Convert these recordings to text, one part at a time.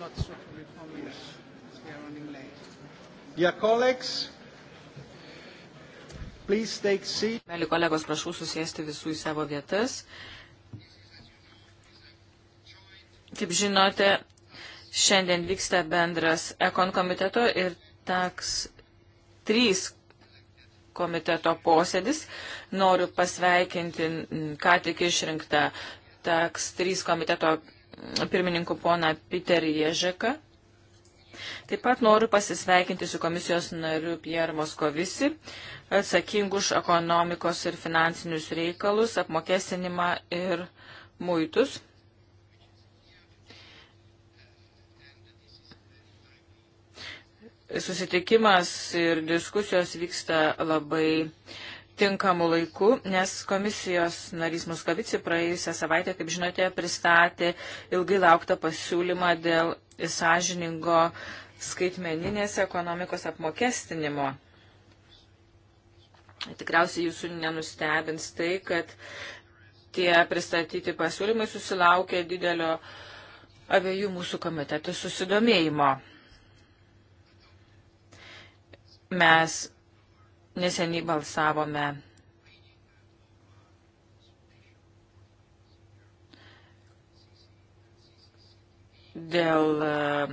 not so fully promised because we are running late. Dear colleagues, please take seat. Mėly kolegos, prašau susėsti visų į savo vietas. Kaip žinote, šiandien vyksta bendras Ekon komiteto ir TAX 3 komiteto posėdis. Noriu pasveikinti ką tik išrinktą TAX 3 komiteto pirmininku pona Piterį Ježeką. Taip pat noriu pasisveikinti su komisijos nariu Pierre Moskovisi, atsakingu už ekonomikos ir finansinius reikalus, apmokestinimą ir muitus. Susitikimas ir diskusijos vyksta labai uh, tinkamu laiku, nes komisijos narys Muskovici praėjusią savaitę, kaip žinote, pristatė ilgai lauktą pasiūlymą dėl sąžiningo skaitmeninės ekonomikos apmokestinimo. Tikriausiai jūsų nenustebins tai, kad tie pristatyti pasiūlymai susilaukė didelio abiejų mūsų komitetų susidomėjimo. Mes Neseniai balsavome dėl e,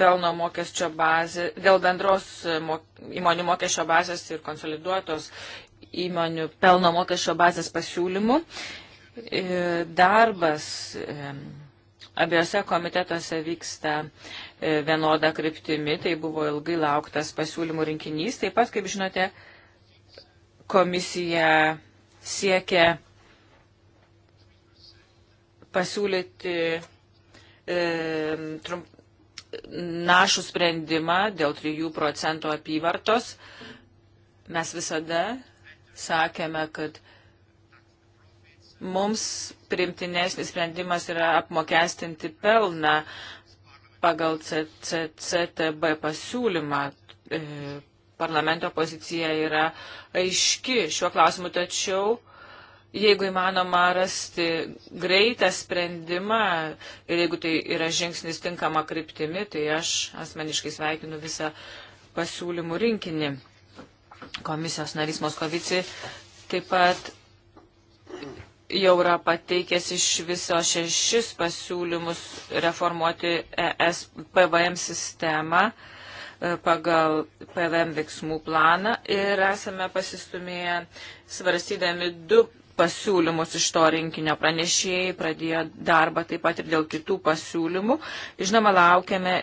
pelno mokesčio bazės, dėl bendros e, mok, įmonių mokesčio bazės ir konsoliduotos įmonių pelno mokesčio bazės pasiūlymų. E, darbas abiejose komitetuose vyksta vienodą kryptimi, tai buvo ilgai lauktas pasiūlymų rinkinys. Taip pat, kaip žinote, komisija siekia pasiūlyti e, trump, našų sprendimą dėl 3 procentų apyvartos. Mes visada sakėme, kad mums primtinesnis sprendimas yra apmokestinti pelną, pagal CCCTB pasiūlymą e, parlamento pozicija yra aiški šiuo klausimu, tačiau jeigu įmanoma rasti greitą sprendimą ir jeigu tai yra žingsnis tinkama kryptimi, tai aš asmeniškai sveikinu visą pasiūlymų rinkinį. Komisijos narys Moskovici taip pat jau yra pateikęs iš viso šešis pasiūlymus reformuoti ES PVM sistemą e, pagal PVM veiksmų planą ir esame pasistumėję svarstydami du pasiūlymus iš to rinkinio pranešėjai, pradėjo darbą taip pat ir dėl kitų pasiūlymų. Žinoma, laukiame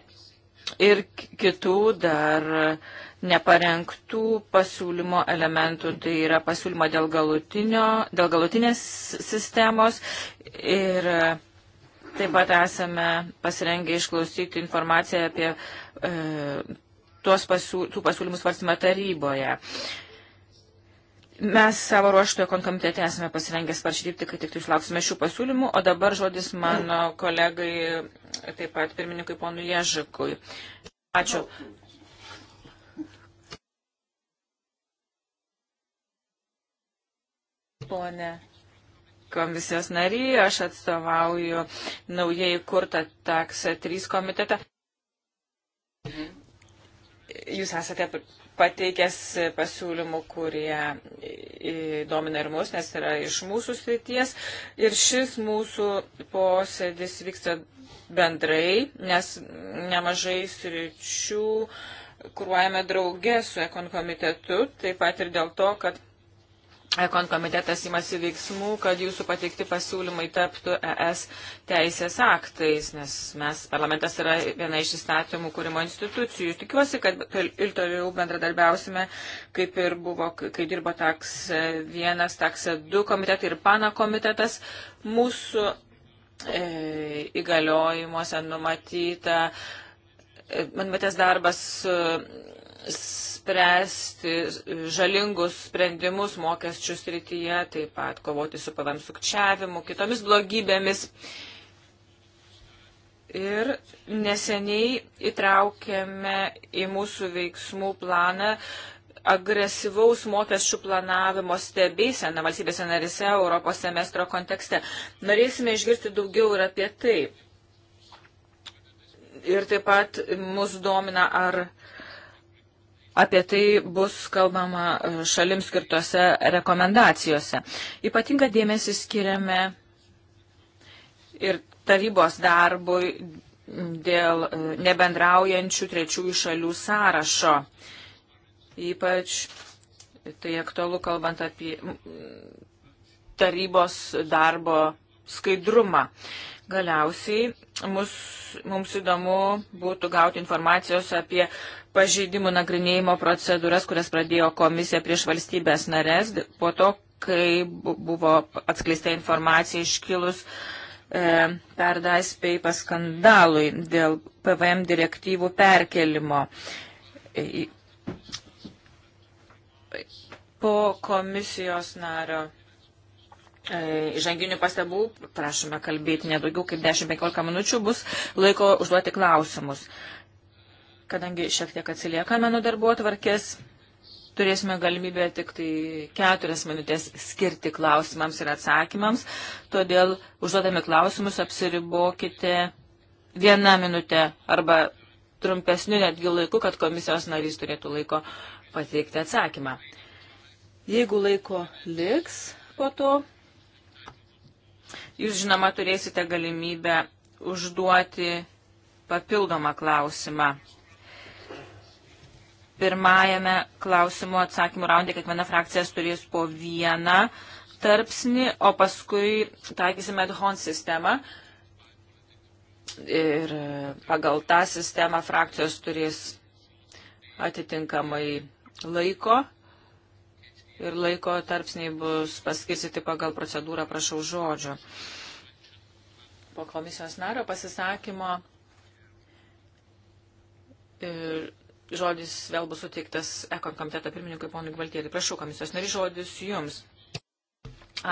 ir kitų dar uh, neparengtų pasiūlymo elementų, tai yra pasiūlymo dėl, dėl galutinės sistemos ir taip pat esame pasirengę išklausyti informaciją apie e, tuos pasiū, tų pasiūlymų svarstymą taryboje. Mes savo ruoštoje konkomitete esame pasirengę sparčiai dirbti, kai tik tai išlauksime šių pasiūlymų, o dabar žodis mano kolegai, taip pat pirmininkui ponui Ježikui. Ačiū. Pone komisijos nary, aš atstovauju naujai kurtą taksą 3 komitetą. Jūs esate pateikęs pasiūlymų, kurie domina ir mus, nes yra iš mūsų srities. Ir šis mūsų posėdis vyksta bendrai, nes nemažai sričių kruojame draugė su ekon komitetu, taip pat ir dėl to, kad Ekon komitetas imasi veiksmų, kad jūsų pateikti pasiūlymai taptų ES teisės aktais, nes mes, parlamentas yra viena iš įstatymų kūrimo institucijų. Tikiuosi, kad ir toliau bendradarbiausime, kaip ir buvo, kai dirbo taks vienas, taks du komitetai ir pana komitetas. Mūsų e, įgaliojimuose numatyta, e, man matęs darbas. E, s, spręsti žalingus sprendimus mokesčių srityje, taip pat kovoti su pavam sukčiavimu, kitomis blogybėmis. Ir neseniai įtraukėme į mūsų veiksmų planą agresyvaus mokesčių planavimo stebėseną valstybėse narise Europos semestro kontekste. Norėsime išgirsti daugiau ir apie tai. Ir taip pat mus domina, ar Apie tai bus kalbama e, šalims skirtose rekomendacijose. Ypatingą dėmesį skiriame ir tarybos darbui dėl e, nebendraujančių trečiųjų šalių sąrašo. Ypač tai aktualu kalbant apie tarybos darbo skaidrumą. Galiausiai mus, mums įdomu būtų gauti informacijos apie pažeidimų nagrinėjimo procedūras, kurias pradėjo komisija prieš valstybės narės po to, kai buvo atskleista informacija iškilus e, perdais peipa skandalui dėl PVM direktyvų perkelimo. E, po komisijos nario E, Žanginių pastabų, prašome kalbėti nedaugiau kaip 10-15 minučių, bus laiko užduoti klausimus. Kadangi šiek tiek atsiliekame nuo darbo tvarkės, turėsime galimybę tik tai keturias minutės skirti klausimams ir atsakymams, todėl užduodami klausimus apsiribokite vieną minutę arba trumpesniu netgi laiku, kad komisijos narys turėtų laiko pateikti atsakymą. Jeigu laiko liks po to, Jūs žinoma turėsite galimybę užduoti papildomą klausimą. Pirmajame klausimų atsakymų raundė kiekviena frakcija turės po vieną tarpsnį, o paskui taikysime adhon sistemą. Ir pagal tą sistemą frakcijos turės atitinkamai laiko ir laiko tarpsniai bus paskirstyti pagal procedūrą prašau žodžio. Po komisijos nario pasisakymo e, žodis vėl bus suteiktas Ekon komiteto pirmininkui ponui Gvaltėlį. Prašau komisijos nari žodis jums.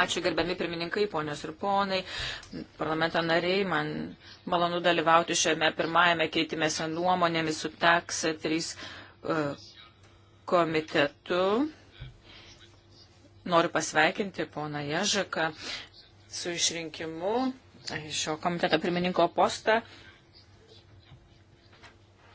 Ačiū gerbiami pirmininkai, ponios ir ponai, parlamento nariai, man malonu dalyvauti šiame pirmajame keitimėse nuomonėmis su TAX 3 e, komitetu. Noriu pasveikinti poną Ježaką su išrinkimu šio komiteto pirmininko postą.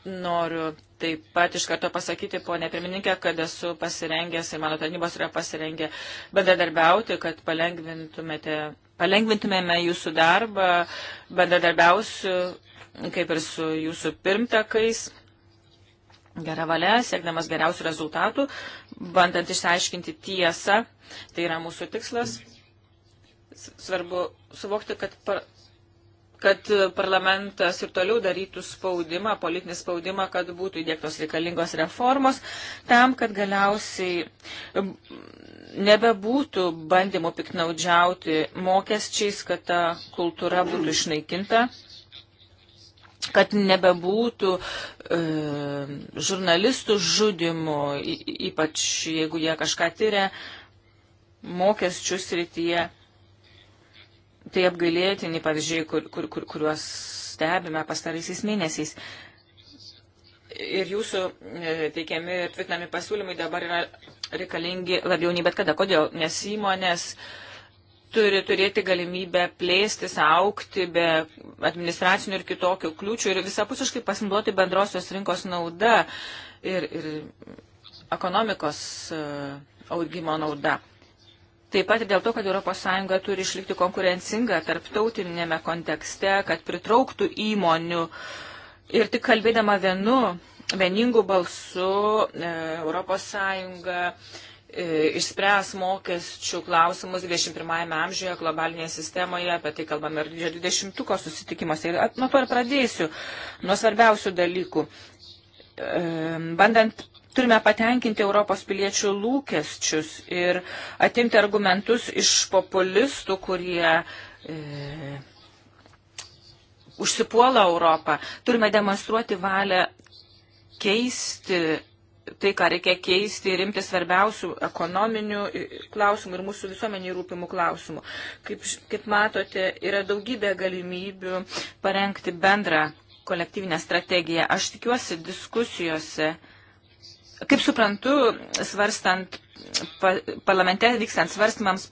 Noriu taip pat iš karto pasakyti, ponė pirmininkė, kad esu pasirengęs ir mano tarnybos yra pasirengę bendradarbiauti, kad palengvintumėte, palengvintumėme jūsų darbą, bendradarbiausiu kaip ir su jūsų pirmtakais gerą valią, siekdamas geriausių rezultatų, bandant išsiaiškinti tiesą, tai yra mūsų tikslas. Svarbu suvokti, kad, par, kad parlamentas ir toliau darytų spaudimą, politinį spaudimą, kad būtų įdėktos reikalingos reformos, tam, kad galiausiai nebebūtų bandymų piknaudžiauti mokesčiais, kad ta kultūra būtų išnaikinta kad nebebūtų e, žurnalistų žudimų, ypač jeigu jie kažką tyria mokesčių srityje. Tai apgailėtini pavyzdžiai, kur, kur, kur, kuriuos stebime pastaraisiais mėnesiais. Ir jūsų e, teikiami ir tvirtinami pasiūlymai dabar yra reikalingi labiau nei bet kada. Kodėl? Nes įmonės. E, turi turėti galimybę plėstis, aukti be administracinių ir kitokių kliūčių ir visapusiškai pasinaudoti bendrosios rinkos nauda ir, ir ekonomikos e, augimo nauda. Taip pat ir dėl to, kad ES turi išlikti konkurencinga tarptautinėme kontekste, kad pritrauktų įmonių. Ir tik kalbėdama vienu, vieningu balsu, ES E, išspręs mokesčių klausimus 21-ame amžiuje globalinėje sistemoje, apie tai kalbame ir 20-ko susitikimuose. Ir nuo to ir pradėsiu, nuo svarbiausių dalykų. E, bandant turime patenkinti Europos piliečių lūkesčius ir atimti argumentus iš populistų, kurie. E, Užsipuola Europą. Turime demonstruoti valią keisti tai, ką reikia keisti ir rimti svarbiausių ekonominių klausimų ir mūsų visuomeniai rūpimų klausimų. Kaip, kaip matote, yra daugybė galimybių parengti bendrą kolektyvinę strategiją. Aš tikiuosi diskusijose, kaip suprantu, svarstant pa, parlamente vykstant svarstymams,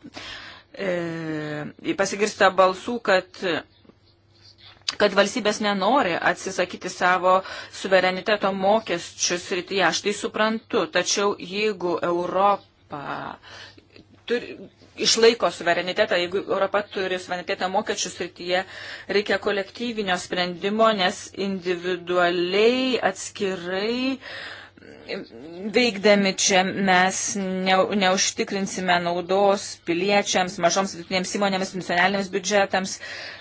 e, pasigirsta balsų, kad kad valstybės nenori atsisakyti savo suvereniteto mokesčių srityje. Aš tai suprantu, tačiau jeigu Europa turi, išlaiko suverenitetą, jeigu Europa turi suverenitetą mokesčių srityje, reikia kolektyvinio sprendimo, nes individualiai, atskirai veikdami čia mes ne, neužtikrinsime naudos piliečiams, mažoms vidutinėms įmonėms, nacionaliniams biudžetams. Uh,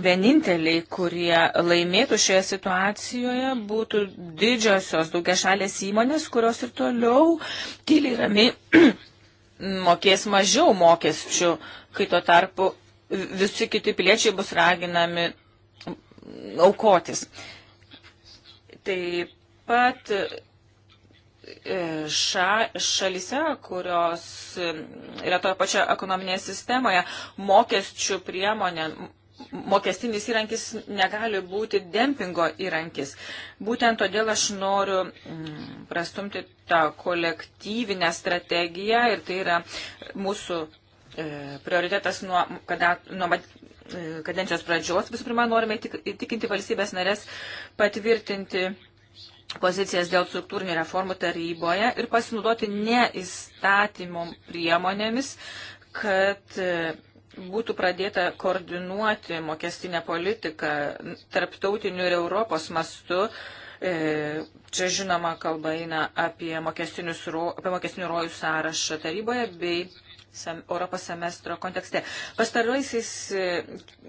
vieninteliai, kurie laimėtų šioje situacijoje, būtų didžiosios daugia šalės įmonės, kurios ir toliau tyliai ramiai mokės mažiau mokesčių, kai tuo tarpu visi kiti piliečiai bus raginami aukotis. Taip pat e, ša, šalise, kurios yra toje pačioje ekonominėje sistemoje, mokesčių priemonė mokestinis įrankis negali būti dempingo įrankis. Būtent todėl aš noriu mm, prastumti tą kolektyvinę strategiją ir tai yra mūsų e, prioritetas nuo, kada, nuo e, kadencijos pradžios. Visų pirma, norime įtikinti valstybės narės patvirtinti pozicijas dėl struktūrinių reformų taryboje ir pasinaudoti ne įstatymo priemonėmis, kad e, būtų pradėta koordinuoti mokestinę politiką tarptautiniu ir Europos mastu. E, čia žinoma kalba eina apie, apie mokestinių rojų sąrašą taryboje bei Europos semestro kontekste. E,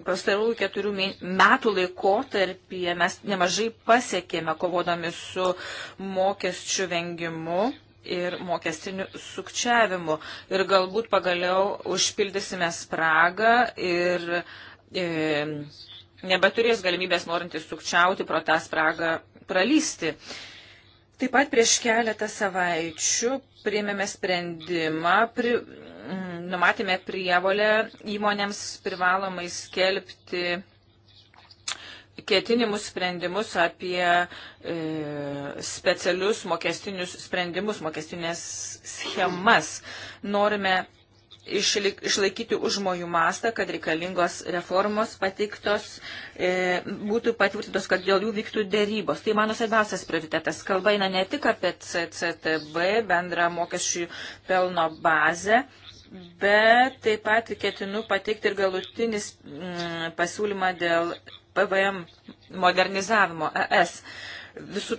pastarųjų keturių metų laikotarpyje mes nemažai pasiekėme kovodami su mokesčių vengimu ir mokestiniu sukčiavimu. Ir galbūt pagaliau užpildysime spragą ir e, nebeturės galimybės norintys sukčiauti pro tą spragą pralysti. Taip pat prieš keletą savaičių priėmėme sprendimą, pri, numatėme prievolę įmonėms privalomai skelbti ketinimus sprendimus apie e, specialius mokestinius sprendimus, mokestinės schemas. Norime išlik, išlaikyti užmojų mastą, kad reikalingos reformos patiktos e, būtų patvirtintos, kad dėl jų vyktų dėrybos. Tai mano svarbiausias prioritetas. Kalba eina ne tik apie CCTB, bendrą mokesčių pelno bazę, bet taip pat ketinu pateikti ir galutinis m, mm, pasiūlymą dėl PVM modernizavimo ES. Visų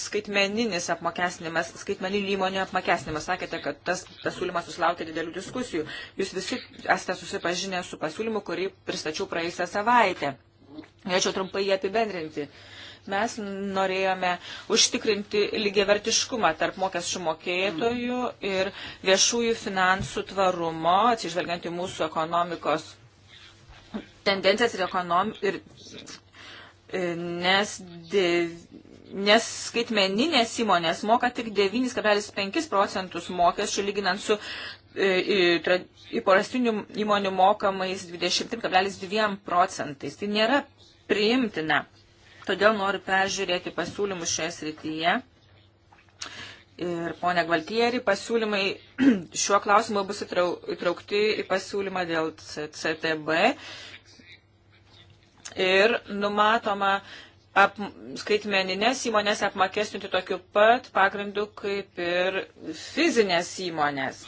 skaitmeninis apmokesnimas, skaitmeninių įmonių apmokesnimas. Sakėte, kad tas pasiūlymas susilaukė didelių diskusijų. Jūs visi esate susipažinę su pasiūlymu, kurį pristačiau praėjusią savaitę. Norėčiau trumpai jį apibendrinti. Mes norėjome užtikrinti lygiavertiškumą tarp mokesčių mokėtojų ir viešųjų finansų tvarumo, atsižvelgiant į mūsų ekonomikos tendencijas ir, tai ekonom, ir e, nes, de, nes skaitmeninės įmonės moka tik 9,5 procentus mokesčių lyginant su e, įprastinių įmonių mokamais 20,2 procentais. Tai nėra priimtina. Todėl noriu peržiūrėti pasiūlymus šioje srityje ir ponia Gvaltieri, pasiūlymai šiuo klausimu bus įtraukti į pasiūlymą dėl CTB ir numatoma ap, skaitmeninės įmonės apmokestinti tokiu pat pagrindu kaip ir fizinės įmonės.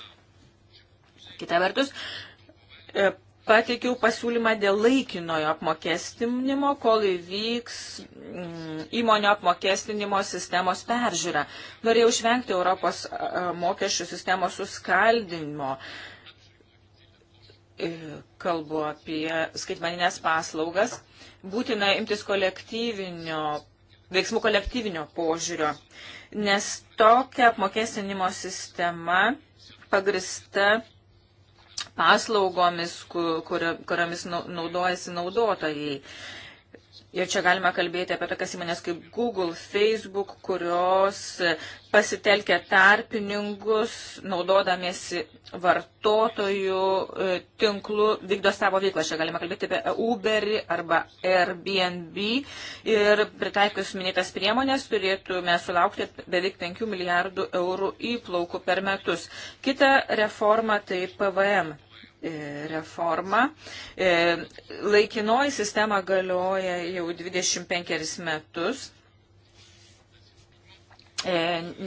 Kita vertus, e, pateikiau pasiūlymą dėl laikinojo apmokestinimo, kol įvyks mm, įmonio apmokestinimo sistemos peržiūra. Norėjau išvengti Europos mokesčių sistemos suskaldinimo. E, kalbu apie skaitmaninės paslaugas. Būtina imtis kolektyvinio, veiksmų kolektyvinio požiūrio, nes tokia apmokestinimo sistema pagrista paslaugomis, kur, kuriomis naudojasi naudotojai. Ir čia galime kalbėti apie tokias įmonės kaip Google, Facebook, kurios pasitelkia tarpininkus, naudodamiesi vartotojų e, tinklų, vykdo savo veiklą. Čia galime kalbėti apie Uberį arba Airbnb. Ir pritaikius minėtas priemonės turėtume sulaukti beveik 5 milijardų eurų įplaukų per metus. Kita reforma tai PVM E, reforma. E, laikinoji sistema galioja jau 25 metus. E,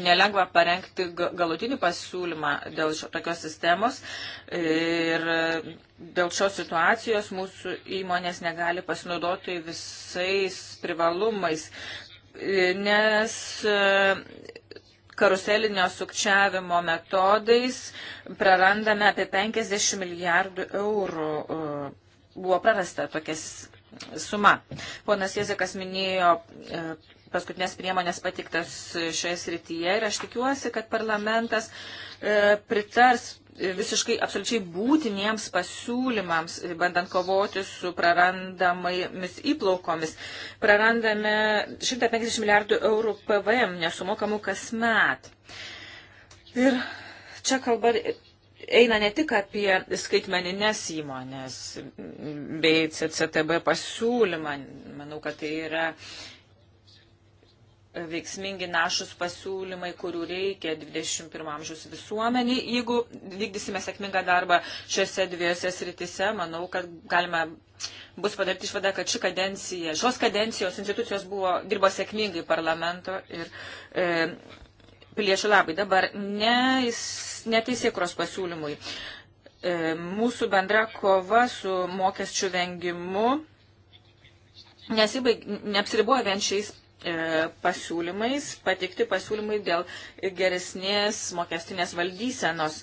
nelengva parengti galutinį pasiūlymą dėl šio, tokios sistemos ir dėl šios situacijos mūsų įmonės negali pasinaudoti visais privalumais, nes karuselinio sukčiavimo metodais prarandame apie 50 milijardų eurų. E, buvo prarasta tokia suma. Ponas Jezekas minėjo e, paskutinės priemonės patiktas šioje srityje ir aš tikiuosi, kad parlamentas e, pritars visiškai absoliučiai būtiniems pasiūlymams, bandant kovoti su prarandamomis įplaukomis. Prarandame 150 milijardų eurų PVM nesumokamų kasmet. Ir čia kalba eina ne tik apie skaitmeninės įmonės bei CCTB pasiūlymą. Manau, kad tai yra veiksmingi našus pasiūlymai, kurių reikia 21 amžiaus visuomenį. Jeigu vykdysime sėkmingą darbą šiuose dviejose sritise, manau, kad galima bus padaryti išvada, kad ši kadencija, šios kadencijos institucijos buvo, dirbo sėkmingai parlamento ir e, piliečių labai. Dabar ne, neteisėkros pasiūlymui. E, mūsų bendra kova su mokesčių vengimu nesibaig, neapsiribuoja vien šiais E, pasiūlymais, patikti pasiūlymai dėl geresnės mokestinės valdysenos.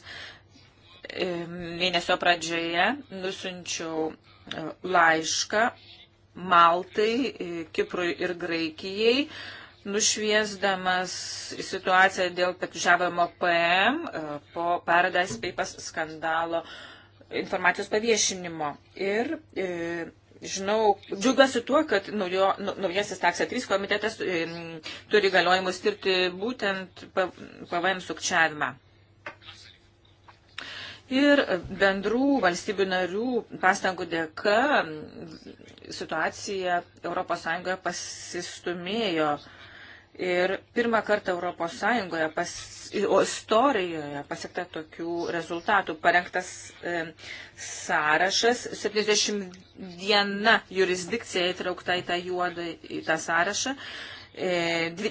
E, mėnesio pradžioje nusinčiau e, laišką Maltai, Kiprui ir Graikijai, nušviesdamas situaciją dėl pikžiavimo PM po Paradise Papers skandalo informacijos paviešinimo. Ir e, žinau, džiugiuosi tuo, kad naujo, nu, naujasis taksė 3 komitetas turi galiojimus tirti būtent PVM sukčiavimą. Ir bendrų valstybių narių pastangų dėka situacija ES pasistumėjo Ir pirmą kartą Europos Sąjungoje, pas, o istorijoje pasiekta tokių rezultatų. Parengtas e, sąrašas, 71 jurisdikcija įtraukta į tą juodą, į tą sąrašą. E,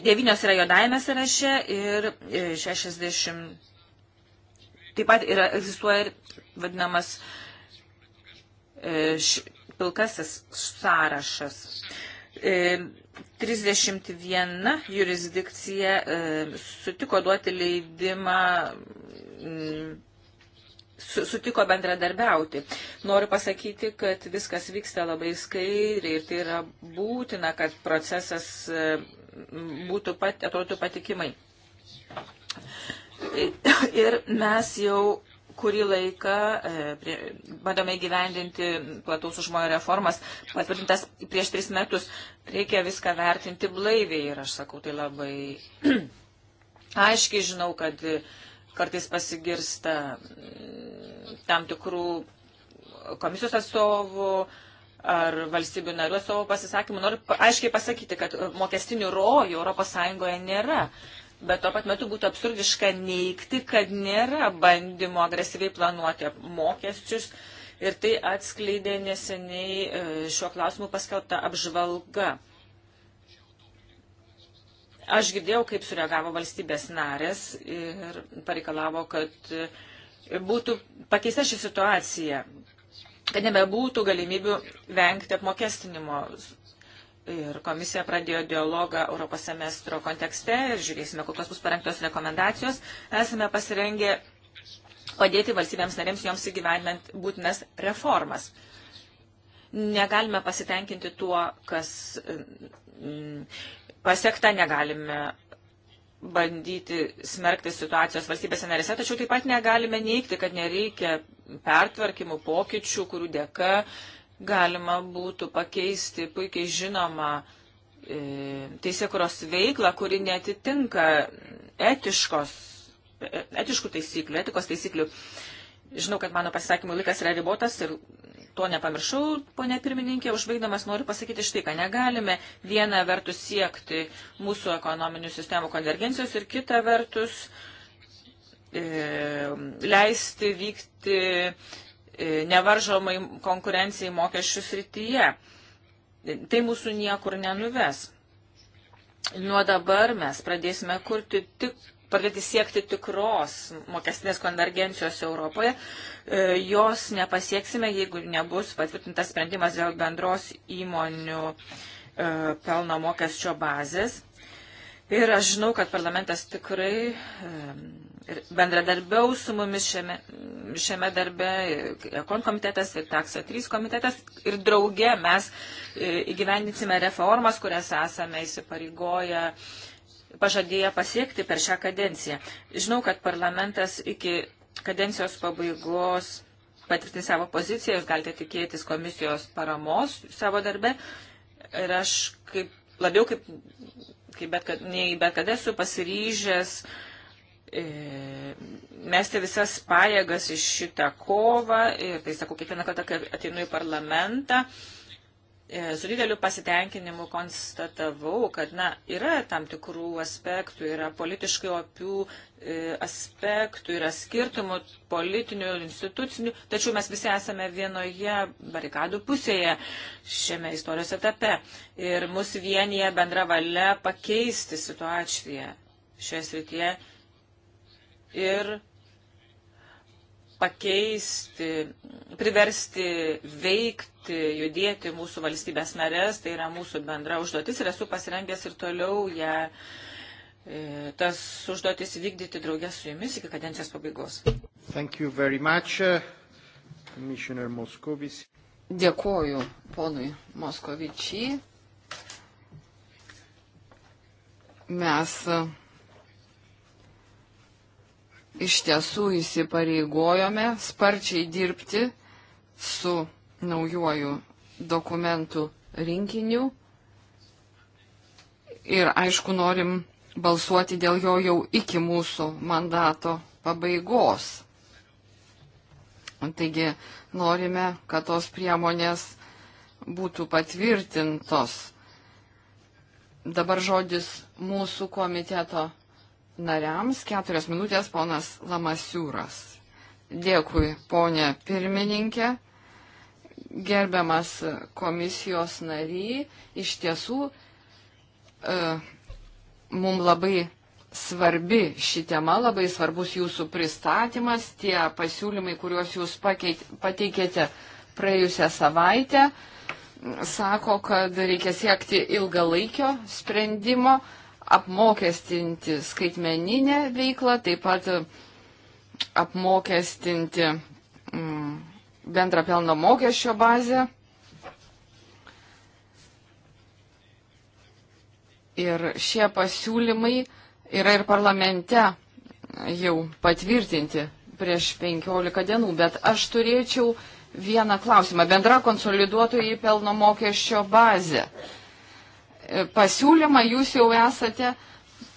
devynios yra juodajame sąraše ir e, 60. Taip pat yra, egzistuoja ir vadinamas e, š, pilkasis sąrašas. E, 31 e, jurisdikcija e, sutiko duoti leidimą mm, sutiko bendradarbiauti. Noriu pasakyti, kad viskas vyksta labai skairiai ir tai yra būtina, kad procesas e, būtų pat, atrodytų patikimai. Ir mes jau kurį laiką e, prie, bandome įgyvendinti plataus užmojo reformas, patvirtintas prieš tris metus. Reikia viską vertinti blaiviai ir aš sakau tai labai aiškiai žinau, kad e, kartais pasigirsta mm, tam tikrų komisijos atstovų ar valstybių narių atstovų pasisakymų. Noriu aiškiai pasakyti, kad mokestinių rojų ES nėra bet tuo pat metu būtų absurdiška neikti, kad nėra bandymo agresyviai planuoti mokesčius. Ir tai atskleidė neseniai e, šiuo klausimu paskelbta apžvalga. Aš girdėjau, kaip sureagavo valstybės narės ir pareikalavo, kad e, būtų pakeista ši situacija, kad nebebūtų galimybių vengti apmokestinimo Ir komisija pradėjo dialogą Europos semestro kontekste ir žiūrėsime, kokios bus parengtos rekomendacijos. Esame pasirengę padėti valstybėms narėms joms įgyvendinant būtinas reformas. Negalime pasitenkinti tuo, kas mm, pasiekta, negalime bandyti smerkti situacijos valstybėse narėse, tačiau taip pat negalime neikti, kad nereikia pertvarkymų, pokyčių, kurių dėka uh, galima būtų pakeisti puikiai žinomą e, teisėkuros veiklą, kuri netitinka etiškos, e, etiškų taisyklių, etikos taisyklių. Žinau, kad mano pasisakymų laikas yra ribotas ir to nepamiršau, ponė pirmininkė, užbaigdamas noriu pasakyti štai, ką negalime viena vertus siekti mūsų ekonominių sistemų konvergencijos ir kita vertus e, leisti vykti E, nevaržomai konkurencijai mokesčių srityje. Tai mūsų niekur nenuves. Nuo dabar mes pradėsime kurti tik pradėti siekti tikros mokestinės konvergencijos Europoje. E, jos nepasieksime, jeigu nebus patvirtintas sprendimas dėl bendros įmonių e, pelno mokesčio bazės. Ir aš žinau, kad parlamentas tikrai ir bendradarbiaus su mumis šiame, šiame darbe, Ekon komitetas ir Takso 3 komitetas ir drauge mes e, įgyvendinsime reformas, kurias esame įsipareigoję pažadėję pasiekti per šią kadenciją. Žinau, kad parlamentas iki kadencijos pabaigos patvirtins savo poziciją, jūs galite tikėtis komisijos paramos savo darbe ir aš kaip, labiau kaip, kaip bet, kad, nei bet kada esu pasiryžęs uh, E, mesti visas pajėgas iš šitą kovą ir tai sakau kiekvieną kartą, kai ateinu į parlamentą, e, su dideliu pasitenkinimu konstatavau, kad na, yra tam tikrų aspektų, yra politiškai opių e, aspektų, yra skirtumų politinių, institucinių, tačiau mes visi esame vienoje barikadų pusėje šiame istorijos etape ir mus vienyje bendra valia pakeisti situaciją šioje srityje ir pakeisti, priversti veikti, judėti mūsų valstybės narės, tai yra mūsų bendra užduotis ir esu pasirengęs ir toliau ją, e, tas užduotis vykdyti draugės su jumis iki kadencijos pabaigos. Much, uh, Dėkuoju ponui Moskovičiai. Mes iš tiesų įsipareigojome sparčiai dirbti su naujuoju dokumentų rinkiniu ir aišku norim balsuoti dėl jo jau iki mūsų mandato pabaigos. Taigi norime, kad tos priemonės būtų patvirtintos. Dabar žodis mūsų komiteto nariams. Keturias minutės ponas Lamasiūras. Dėkui, ponė pirmininkė. Gerbiamas komisijos nary, iš tiesų e, mums labai svarbi ši tema, labai svarbus jūsų pristatymas, tie pasiūlymai, kuriuos jūs pakeit, pateikėte praėjusią savaitę, sako, kad reikia siekti ilgalaikio sprendimo, apmokestinti skaitmeninę veiklą, taip pat e, apmokestinti mm, bendrą pelno mokesčio bazę. Ir šie pasiūlymai yra ir parlamente jau patvirtinti prieš 15 dienų, bet aš turėčiau vieną klausimą. Bendra konsoliduotojai pelno mokesčio bazė pasiūlymą jūs jau esate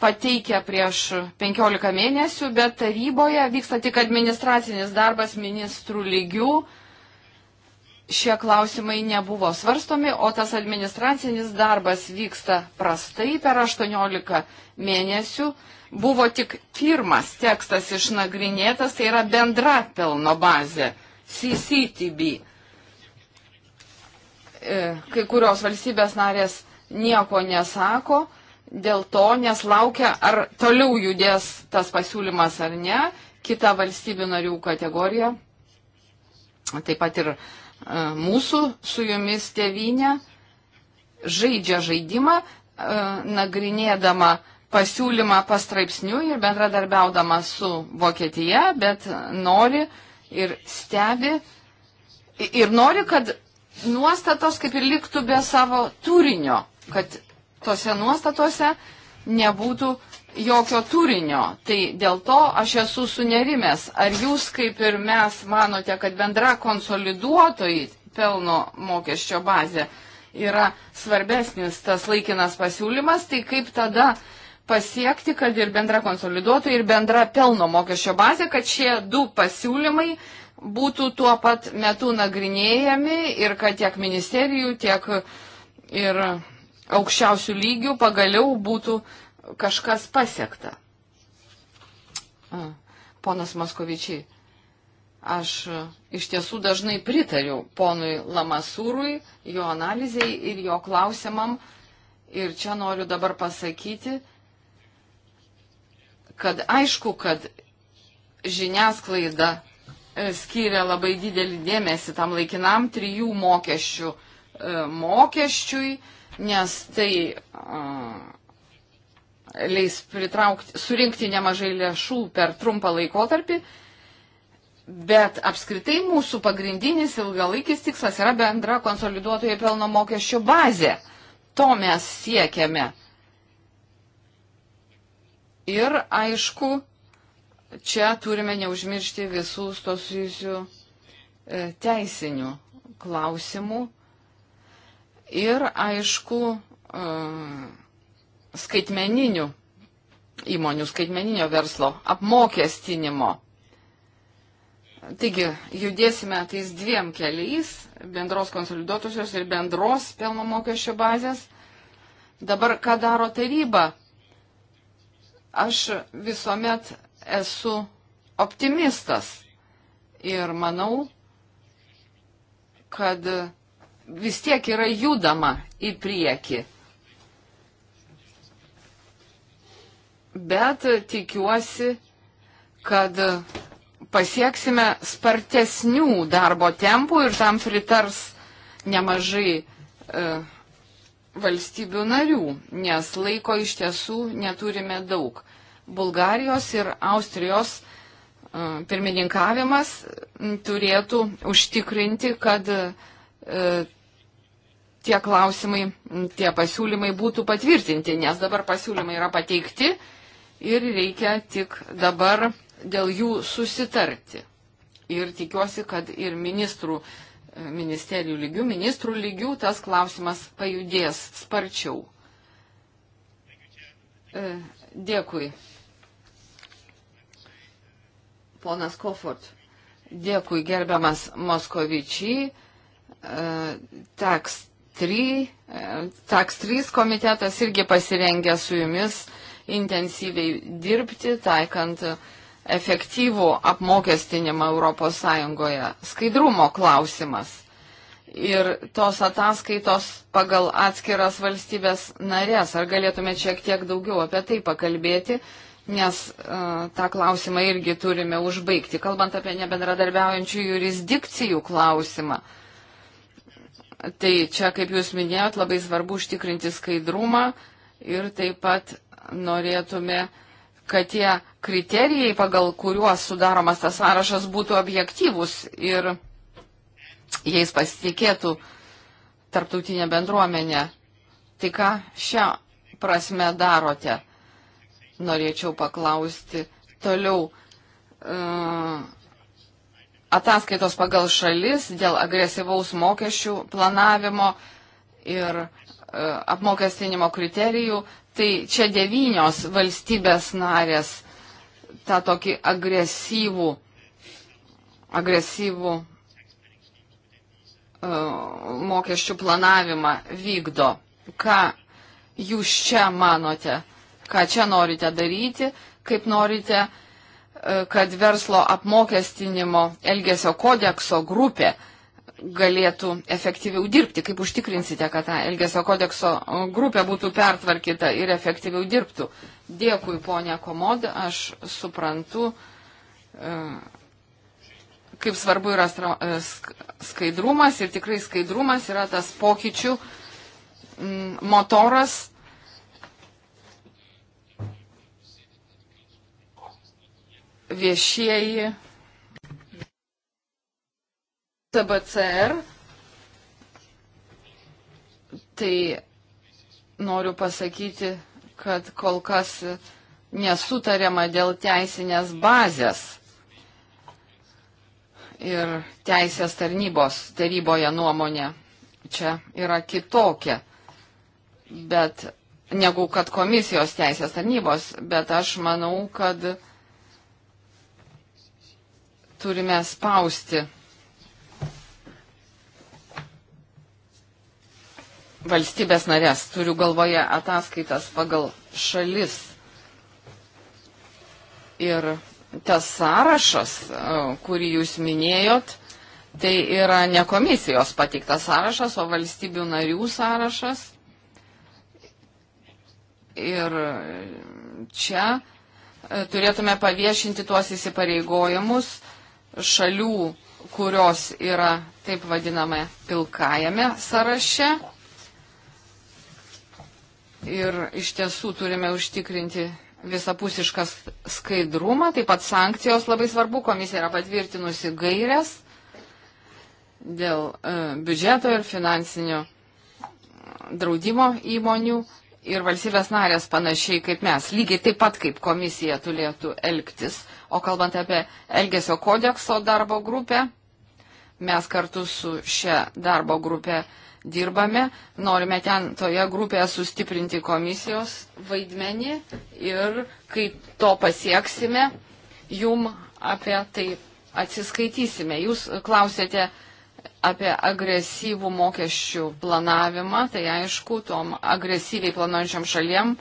pateikę prieš 15 mėnesių, bet taryboje vyksta tik administracinis darbas ministrų lygių. Šie klausimai nebuvo svarstomi, o tas administracinis darbas vyksta prastai per 18 mėnesių. Buvo tik pirmas tekstas išnagrinėtas, tai yra bendra pelno bazė CCTB. E, kai kurios valstybės narės nieko nesako dėl to, nes laukia, ar toliau judės tas pasiūlymas ar ne, kita valstybių narių kategorija, taip pat ir e, mūsų su jumis tėvinė, žaidžia žaidimą, e, nagrinėdama pasiūlymą pastraipsnių ir bendradarbiaudama su Vokietija, bet nori ir stebi ir nori, kad nuostatos kaip ir liktų be savo turinio kad tose nuostatose nebūtų jokio turinio. Tai dėl to aš esu sunerimęs. Ar jūs, kaip ir mes, manote, kad bendra konsoliduotojai pelno mokesčio bazė yra svarbesnis tas laikinas pasiūlymas, tai kaip tada pasiekti, kad ir bendra konsoliduotojai, ir bendra pelno mokesčio bazė, kad šie du pasiūlymai būtų tuo pat metu nagrinėjami ir kad tiek ministerijų, tiek ir aukščiausių lygių pagaliau būtų kažkas pasiekta. Ponas Maskovičiai, aš e, iš tiesų dažnai pritariu ponui Lamasūrui, jo analizai ir jo klausimam. Ir čia noriu dabar pasakyti, kad aišku, kad žiniasklaida e, skiria labai didelį dėmesį tam laikinam trijų mokesčių e, mokesčiui nes tai a, leis pritraukti, surinkti nemažai lėšų per trumpą laikotarpį, bet apskritai mūsų pagrindinis ilgalaikis tikslas yra bendra konsoliduotojo pelno mokesčio bazė. To mes siekiame. Ir aišku, čia turime neužmiršti visų to susijusių e, teisinių klausimų ir, aišku, e, skaitmeninių įmonių, skaitmeninio verslo apmokestinimo. Taigi, judėsime tais dviem keliais - bendros konsoliduotusios ir bendros pelno mokesčio bazės. Dabar, ką daro taryba? Aš visuomet esu optimistas ir manau, kad vis tiek yra judama į priekį. Bet tikiuosi, kad pasieksime spartesnių darbo tempų ir tam pritars nemažai e, valstybių narių, nes laiko iš tiesų neturime daug. Bulgarijos ir Austrijos e, pirmininkavimas turėtų užtikrinti, kad e, E, tie klausimai, tie pasiūlymai būtų patvirtinti, nes dabar pasiūlymai yra pateikti ir reikia tik dabar dėl jų susitarti. Ir tikiuosi, kad ir ministrų, e, ministerijų lygių, ministrų lygių tas klausimas pajudės sparčiau. E, dėkui. Ponas Kofort. Dėkui, gerbiamas Moskovičiai Taks 3, Taks 3 komitetas irgi pasirengė su jumis intensyviai dirbti, taikant efektyvų apmokestinimą ES. Skaidrumo klausimas. Ir tos ataskaitos pagal atskiras valstybės narės. Ar galėtumėte šiek tiek daugiau apie tai pakalbėti? nes uh, tą klausimą irgi turime užbaigti. Kalbant apie nebendradarbiaujančių jurisdikcijų klausimą, Tai čia, kaip jūs minėjot, labai svarbu užtikrinti skaidrumą ir taip pat norėtume, kad tie kriterijai, pagal kuriuos sudaromas tas sąrašas, būtų objektyvus ir jais pasitikėtų tarptautinė bendruomenė. Tai ką šią prasme darote? Norėčiau paklausti toliau. Uh, ataskaitos pagal šalis dėl agresyvaus mokesčių planavimo ir e, apmokestinimo kriterijų, tai čia devynios valstybės narės tą tokį agresyvų, agresyvų uh, mokesčių planavimą vykdo. Ką jūs čia manote, ką čia norite daryti, kaip norite uh, kad verslo apmokestinimo Elgesio kodekso grupė galėtų efektyviau dirbti? Kaip užtikrinsite, kad ta Elgesio kodekso grupė būtų pertvarkyta ir efektyviau dirbtų? Dėkui, ponia Komod, aš suprantu, e, kaip svarbu yra e, skaidrumas ir tikrai skaidrumas yra tas pokyčių motoras viešieji TBCR. Tai noriu pasakyti, kad kol kas nesutariama dėl teisinės bazės ir teisės tarnybos taryboje nuomonė čia yra kitokia, bet negu kad komisijos teisės tarnybos, bet aš manau, kad turime spausti valstybės narės, turiu galvoje ataskaitas pagal šalis. Ir tas sąrašas, kurį jūs minėjot, tai yra ne komisijos pateiktas sąrašas, o valstybių narių sąrašas. Ir čia turėtume paviešinti tuos įsipareigojimus šalių, kurios yra taip vadiname pilkajame sąraše. Ir iš tiesų turime užtikrinti visapusišką skaidrumą, taip pat sankcijos labai svarbu, komisija yra patvirtinusi gairias dėl e, biudžeto ir finansinio draudimo įmonių ir valstybės narės panašiai kaip mes, lygiai taip pat kaip komisija turėtų elgtis. O kalbant apie Elgesio kodekso darbo grupę, mes kartu su šia darbo grupė dirbame, norime ten toje grupėje sustiprinti komisijos vaidmenį ir kaip to pasieksime, jum apie tai atsiskaitysime. Jūs klausėte apie agresyvų mokesčių planavimą, tai aišku, tom agresyviai planuojančiam šalim,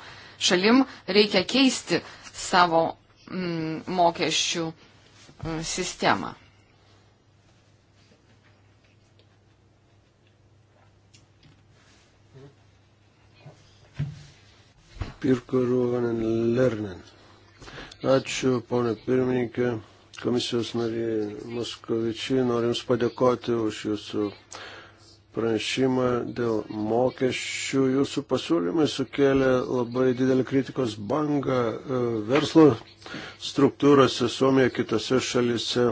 šalim reikia keisti savo mm, mokesčių mm, sistemą. Pirko Ruonen Lernen. Ačiū, ponė pirmininkė, komisijos narė Moskovičiai, noriu Jums padėkoti už Jūsų uh, pranešimą dėl mokesčių. Jūsų pasiūlymai sukėlė labai didelį kritikos bangą e, verslo struktūrose Suomijoje, kitose šalise.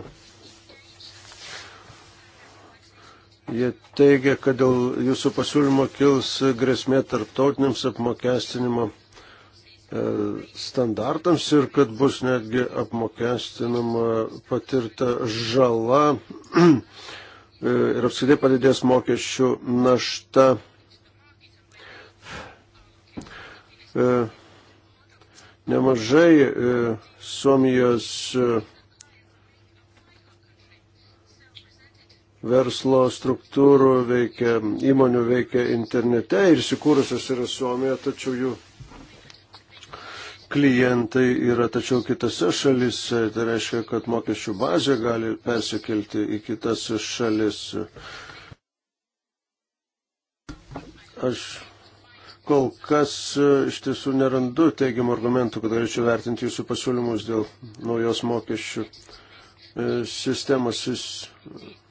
Jie teigia, kad dėl jūsų pasiūlymo kils grėsmė tarptautiniams apmokestinimo e, standartams ir kad bus netgi apmokestinama patirta žala E, ir apskritai padidės mokesčių našta. E, nemažai e, Suomijos verslo struktūrų veikia, įmonių veikia internete ir įsikūrusios yra Suomija, tačiau jų klientai yra tačiau kitose šalise, tai reiškia, kad mokesčių bazė gali persikelti į kitas šalis. Aš kol kas e, iš tiesų nerandu teigiamų argumentų, kad galėčiau vertinti jūsų pasiūlymus dėl naujos mokesčių e, sistemos. E,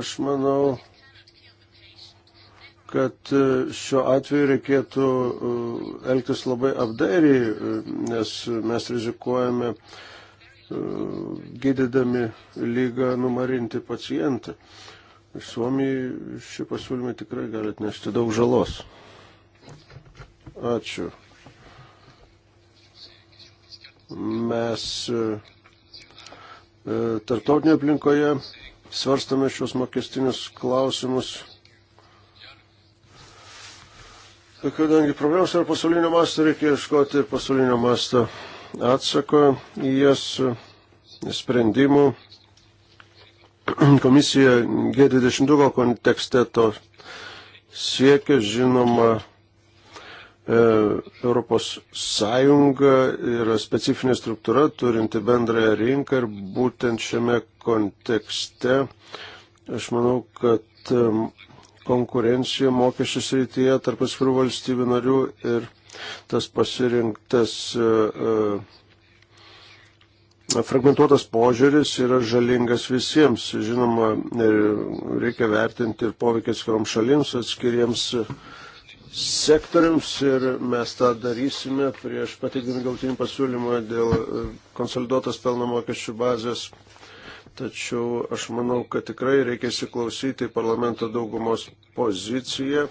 aš manau, kad e, šiuo atveju reikėtų e, elgtis labai apdairiai, e, nes mes rizikuojame gydydami lygą numarinti pacientą. Suomijai šie pasiūlymai tikrai gali atnešti daug žalos. Ačiū. Mes tarptautinėje aplinkoje svarstame šios mokestinius klausimus Kadangi problemos yra pasaulinio masto, reikia ieškoti ir pasaulinio masto atsako į jas sprendimų. Komisija G22 kontekste to siekia, žinoma, e, Europos Sąjunga yra specifinė struktūra, turinti bendrąją rinką ir būtent šiame kontekste aš manau, kad konkurencija mokesčių srityje tarp atskirų valstybių narių ir tas pasirinktas e, e, fragmentuotas požiūris yra žalingas visiems. Žinoma, e, reikia vertinti ir poveikį atskiroms šalims, atskiriems sektoriams ir mes tą darysime prieš pateikdami galtinį pasiūlymą dėl konsoliduotos pelno mokesčių bazės tačiau aš manau, kad tikrai reikia įsiklausyti parlamento daugumos poziciją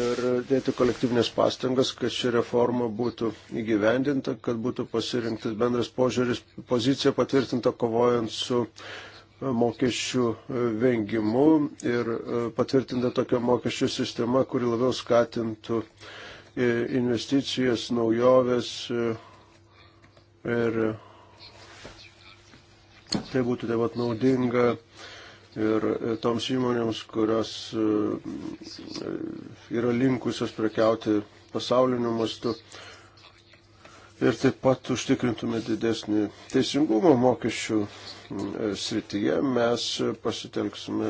ir dėti kolektyvinės pastangas, kad ši reforma būtų įgyvendinta, kad būtų pasirinktas bendras požiūris, pozicija patvirtinta kovojant su e, mokesčių e, vengimu ir e, patvirtinta tokia mokesčių sistema, kuri labiau skatintų investicijas, naujoves ir Tai būtų taip pat naudinga ir e, toms įmonėms, kurios e, e, yra linkusios prekiauti pasauliniu mastu. Ir taip pat užtikrintume didesnį teisingumo mokesčių srityje. Mes pasitelksime,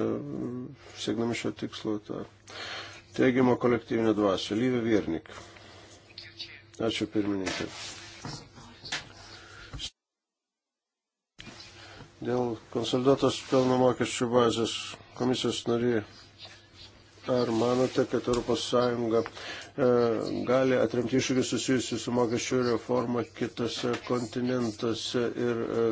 siekdami šio tikslo, tą teigiamą kolektyvinę dvasę. Lyvi Viernik. Ačiū pirmininkai. dėl konsoliduotos pelno mokesčių bazės komisijos nariai. Ar manote, kad ES e, gali atremti iššūkius susijusius su mokesčių reforma kitose kontinentuose ir e,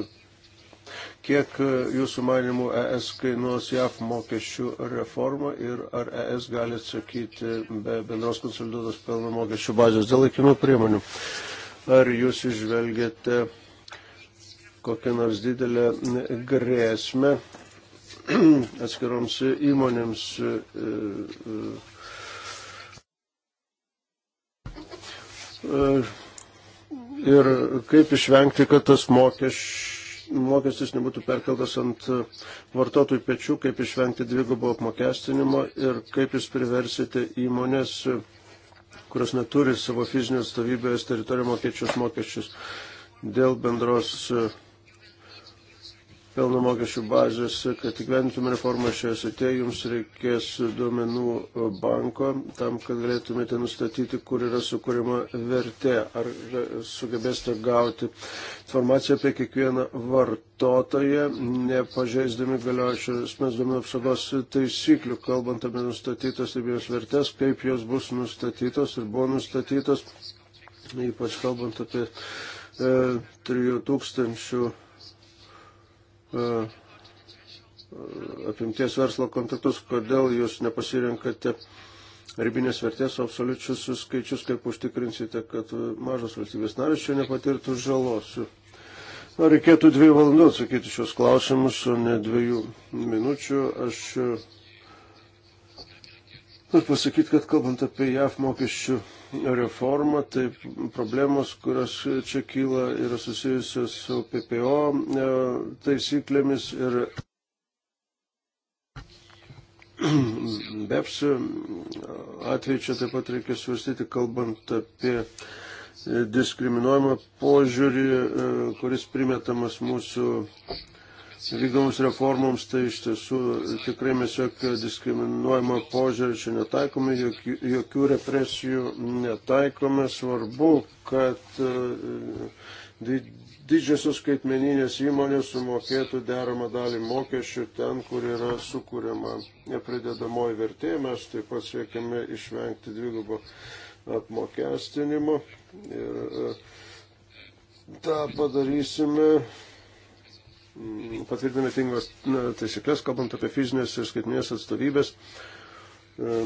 kiek e, jūsų manimų ES kainuos JAF mokesčių reforma ir ar ES gali atsakyti be bendros konsoliduotos pelno mokesčių bazės dėl laikinų priemonių? Ar jūs išvelgėte kokią nors didelę grėsmę atskiroms įmonėms. E, e, e, ir kaip išvengti, kad tas mokeš, mokestis nebūtų perkeltas ant vartotojų pečių, kaip išvengti dvigubo apmokestinimo ir kaip jūs priversite įmonės, kurios neturi savo fizinės stovybės teritorijų mokėčius mokesčius dėl bendros pelno mokesčių bazės, kad įgyventume reformą šioje srityje, jums reikės duomenų banko tam, kad galėtumėte nustatyti, kur yra sukūrima vertė, ar sugebėsite gauti informaciją apie kiekvieną vartotoją, nepažeisdami galiojančių asmens duomenų apsaugos taisyklių, kalbant apie nustatytas ribinės vertės, kaip jos bus nustatytos ir buvo nustatytos, ypač kalbant apie e, 3000 E, apimties verslo kontaktus, kodėl jūs nepasirinkate ribinės vertės absoliučius skaičius, kaip užtikrinsite, kad mažos valstybės narės čia nepatirtų žalos. Na, reikėtų dviejų valandų atsakyti šios klausimus, o ne dviejų minučių. Aš e, noriu pasakyti, kad kalbant apie JAF mokesčių reforma, tai problemos, kurios čia kyla, yra susijusios su PPO e, taisyklėmis ir BEPS atveju čia taip pat reikia svarstyti, kalbant apie diskriminuojamą požiūrį, e, kuris primetamas mūsų vykdomoms reformoms, tai iš tiesų tikrai mes jokio diskriminuojamo požiūrį čia netaikome, jokių, jokių represijų netaikome. Svarbu, kad e, didžiosios skaitmeninės įmonės sumokėtų deramą dalį mokesčių ten, kur yra sukūriama nepridedamoji vertė. Mes taip pat siekiame išvengti dvigubo apmokestinimo. Ir, e, tą padarysime patvirtiname tingas taisyklės, kalbant apie fizinės ir skaitinės atstovybės. E,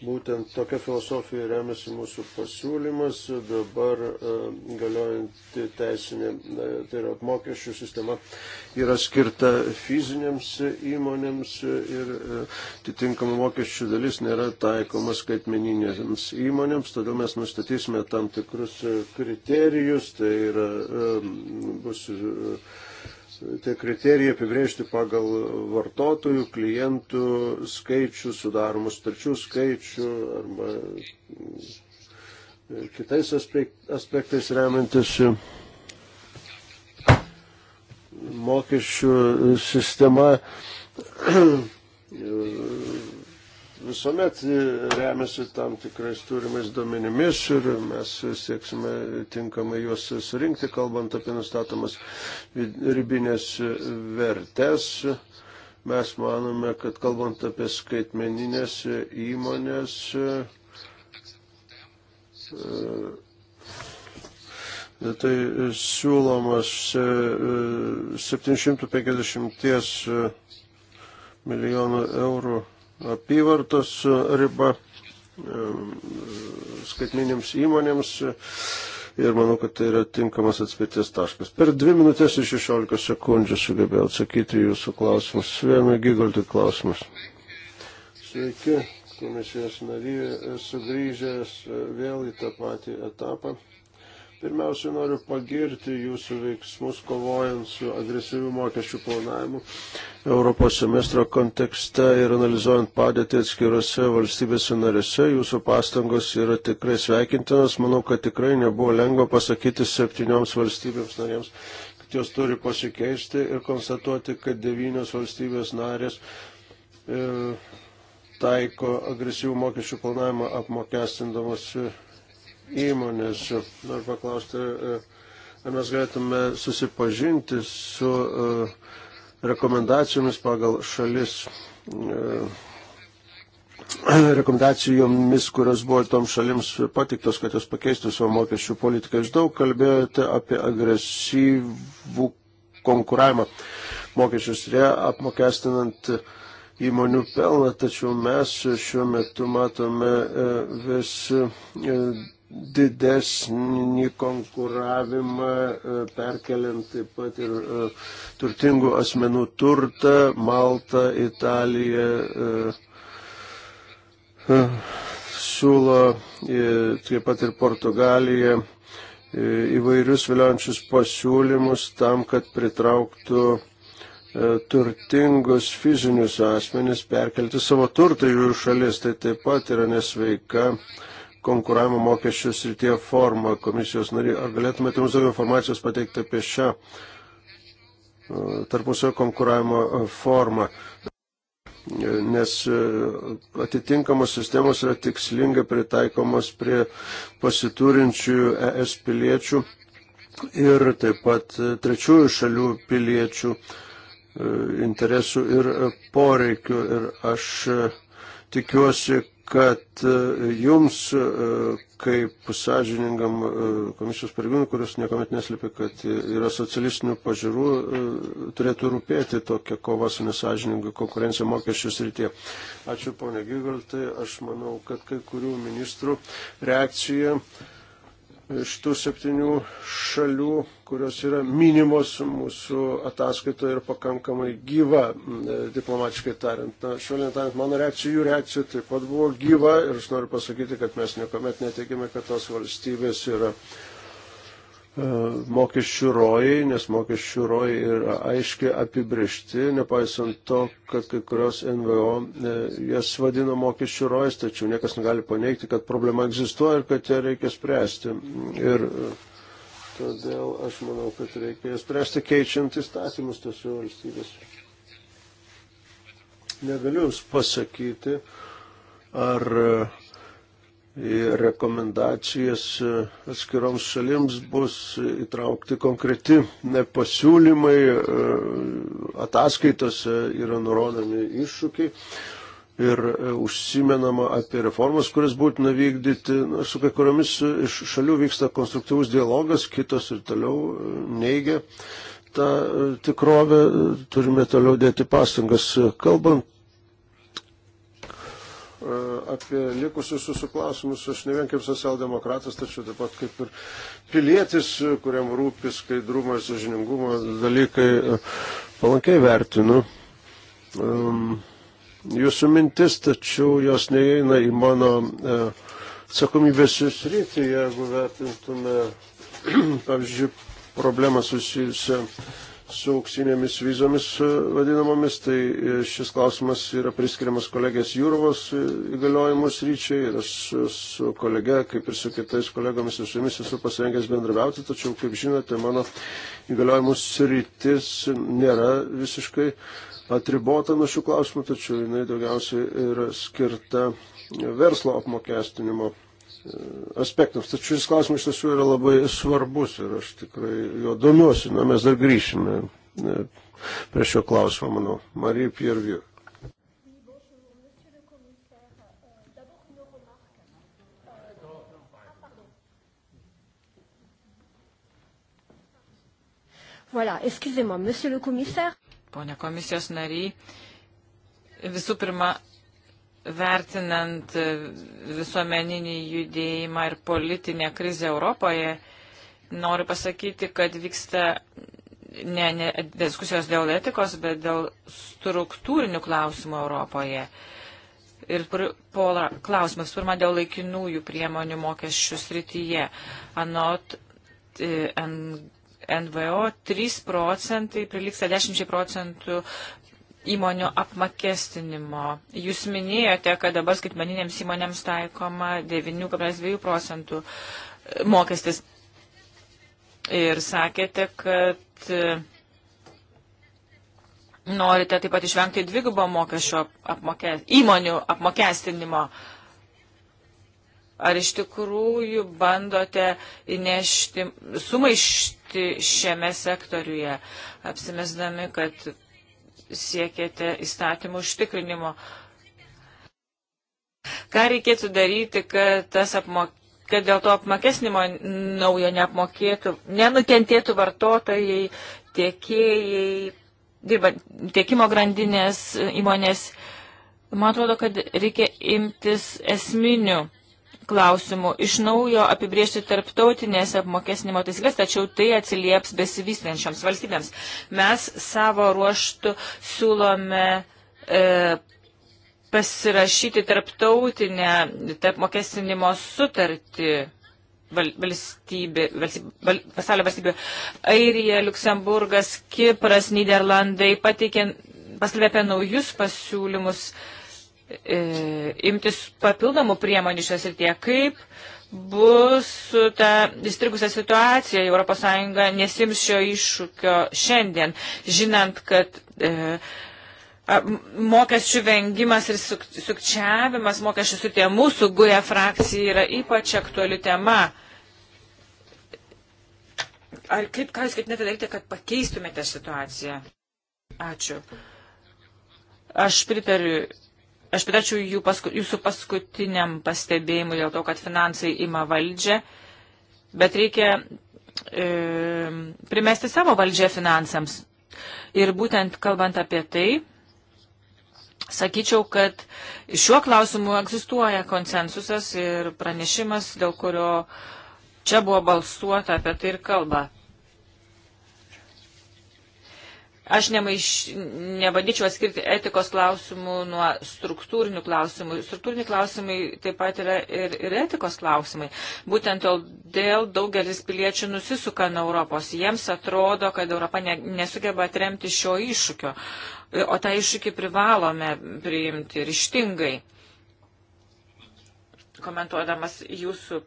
Būtent tokia filosofija remiasi mūsų pasiūlymas, dabar e, galiojanti teisinė, e, tai yra mokesčių sistema, yra skirta fizinėms įmonėms ir e, atitinkama mokesčių dalis nėra taikoma skaitmeninėms įmonėms, todėl mes nustatysime tam tikrus kriterijus, tai yra bus tie kriterijai apibrėžti pagal vartotojų, klientų skaičių, sudaromų sutarčių skaičių arba e, kitais aspektais remiantis mokesčių sistema e, visuomet remiasi tam tikrais turimais duomenimis ir mes sieksime tinkamai juos surinkti, kalbant apie nustatomas ribinės vertes. Mes manome, kad kalbant apie skaitmeninės įmonės, e, tai siūlomas 750 e, milijonų eurų apyvartos riba e, skaitminėms įmonėms ir manau, kad tai yra tinkamas atspirties taškas. Per 2 minutės ir 16 sekundžių sugebėjau atsakyti jūsų klausimus. Svėmė Gigoldi klausimus. Sveiki, komisijos narys, sugrįžęs vėl į tą patį etapą. Pirmiausia, noriu pagirti jūsų veiksmus kovojant su agresyviu mokesčių planavimu Europos semestro kontekste ir analizuojant padėtį atskirose valstybėse narėse. Jūsų pastangos yra tikrai sveikintinas. Manau, kad tikrai nebuvo lengva pasakyti septynioms valstybėms narėms, kad jos turi pasikeisti ir konstatuoti, kad devynios valstybės narės. E, taiko agresyvų mokesčių planavimą apmokestindamos įmonės. Noriu paklausti, e, ar mes galėtume susipažinti su e, rekomendacijomis pagal šalis, e, rekomendacijomis, kurios buvo tom šalims patiktos, kad jos pakeistų savo mokesčių politiką. Jūs daug kalbėjote apie agresyvų konkuravimą mokesčius, apmokestinant įmonių pelną, tačiau mes šiuo metu matome vis didesnį konkuravimą, e, perkeliant taip pat ir e, turtingų asmenų turtą, Malta, Italija e, siūlo taip pat ir Portugalija įvairius viliojančius pasiūlymus tam, kad pritrauktų turtingus fizinius asmenis perkelti savo turtą į jų šalis. Tai taip pat yra nesveika konkuravimo mokesčių srityje formą komisijos nariai. Ar galėtumėte mums daugiau informacijos pateikti apie šią e, tarpusio konkuravimo e, formą? E, nes atitinkamos sistemos yra tikslingai pritaikomos prie pasiturinčių ES piliečių ir taip pat trečiųjų šalių piliečių interesų ir poreikių. Ir aš tikiuosi, kad e, jums, e, kaip sąžiningam e, komisijos pareigūnui, kuris niekuomet neslėpė, kad yra socialistinių pažiūrų, turėtų rūpėti tokia kova su nesažininga konkurencija mokesčių srityje. Ačiū, ponė Gigaltai. Aš manau, kad kai kurių ministrų reakcija iš tų septynių šalių, kurios yra minimos mūsų ataskaitoje ir pakankamai gyva, e, diplomatiškai tariant. Na, švelniai tariant, mano reakcija, jų reakcija taip pat buvo gyva ir aš noriu pasakyti, kad mes niekuomet netikime, kad tos valstybės yra uh, E, mokesčių rojai, nes mokesčių rojai yra aiškiai apibriešti, nepaisant to, kad kai kurios NVO e, jas vadina mokesčių rojais, tačiau niekas negali paneigti, kad problema egzistuoja ir kad ją reikia spręsti. Ir e, todėl aš manau, kad reikia jas spręsti keičiant įstatymus tose valstybėse. Negaliu Jums pasakyti, ar rekomendacijas atskiroms šalims bus įtraukti konkreti pasiūlymai, e, ataskaitose yra nurodomi iššūkiai ir e, užsimenama apie reformas, kurias būtina vykdyti. Na, su kai kuriomis iš šalių vyksta konstruktyvus dialogas, kitos ir toliau e, neigia tą tikrovę, turime toliau dėti pastangas. Kalbant E, apie likusius jūsų klausimus. Aš ne vien kaip socialdemokratas, tačiau taip pat kaip ir pilietis, e, kuriam rūpi skaidrumo ir sažiningumo dalykai, e, palankiai vertinu. Jūsų mintis, tačiau jos neįeina į mano atsakomybės sritį, jeigu vertintume, pavyzdžiui, problemą susijusią su auksinėmis vizomis e, vadinamomis, tai e, šis klausimas yra priskiriamas kolegės Jūrovos e, įgaliojimus ryčiai ir aš su kolege, kaip ir su kitais kolegomis ir su jumis esu pasirengęs bendrabiauti, tačiau, kaip žinote, mano įgaliojimus rytis nėra visiškai atribota nuo šių klausimų, tačiau jinai daugiausiai yra skirta verslo apmokestinimo aspektams. Tačiau šis klausimas iš tiesų yra labai svarbus ir aš tikrai jo domiuosi, na mes dar grįšime e, prie šio klausimo, manau. Marija Pierviu. Voilà, excusez-moi, monsieur le commissaire. Pone komisijos nariai, visų pirma, vertinant visuomeninį judėjimą ir politinę krizę Europoje, noriu pasakyti, kad vyksta ne, ne diskusijos dėl etikos, bet dėl struktūrinių klausimų Europoje. Ir pola, klausimas pirma dėl laikinųjų priemonių mokesčių srityje. Anot e, NVO 3 procentai priliksta 10 procentų įmonių apmokestinimo. Jūs minėjote, kad dabar skaitmeninėms įmonėms taikoma 9,2 procentų mokestis. Ir sakėte, kad e, norite taip pat išvengti dvigubo mokesčio apmokes, įmonių apmokestinimo. Ar iš tikrųjų bandote įnešti sumaišti šiame sektoriuje, apsimesdami, kad siekėte įstatymų užtikrinimo. Ką reikėtų daryti, kad, tas apmok... kad dėl to apmokesnimo naujo neapmokėtų, nenukentėtų vartotojai, tiekėjai, dirba, tiekimo grandinės įmonės? Man atrodo, kad reikia imtis esminių klausimų iš naujo apibriežti tarptautinės apmokesnimo taisyklės, tačiau tai atsilieps besivystančioms valstybėms. Mes savo ruoštų siūlome e, pasirašyti tarptautinę tarp mokestinimo sutartį val, valstybė, valstybė, val, pasaulio valstybių. Airija, Luksemburgas, Kipras, Niderlandai pateikė, paskelbė apie naujus pasiūlymus. E, E, imtis papildomų priemonių šios ir tie, kaip bus su ta įstrigusią situaciją, ES nesims šio iššūkio šiandien, žinant, kad e, mokesčių vengimas ir suk, sukčiavimas mokesčių su tie mūsų guja frakcija yra ypač aktuali tema. Ar kaip, ką jūs ketinate daryti, kad pakeistumėte situaciją? Ačiū. Aš pritariu Aš pritarčiau jų pasku, jūsų paskutiniam pastebėjimui dėl to, kad finansai ima valdžią, bet reikia e, primesti savo valdžią finansams. Ir būtent kalbant apie tai, sakyčiau, kad šiuo klausimu egzistuoja konsensusas ir pranešimas, dėl kurio čia buvo balsuota apie tai ir kalba. Aš nemaiš, nebandyčiau atskirti etikos klausimų nuo struktūrinių klausimų. Struktūriniai klausimai taip pat yra ir, ir etikos klausimai. Būtent todėl daugelis piliečių nusisuka nuo Europos. Jiems atrodo, kad Europa ne, nesugeba atremti šio iššūkio. O tą iššūkį privalome priimti ryštingai. Komentuodamas jūsų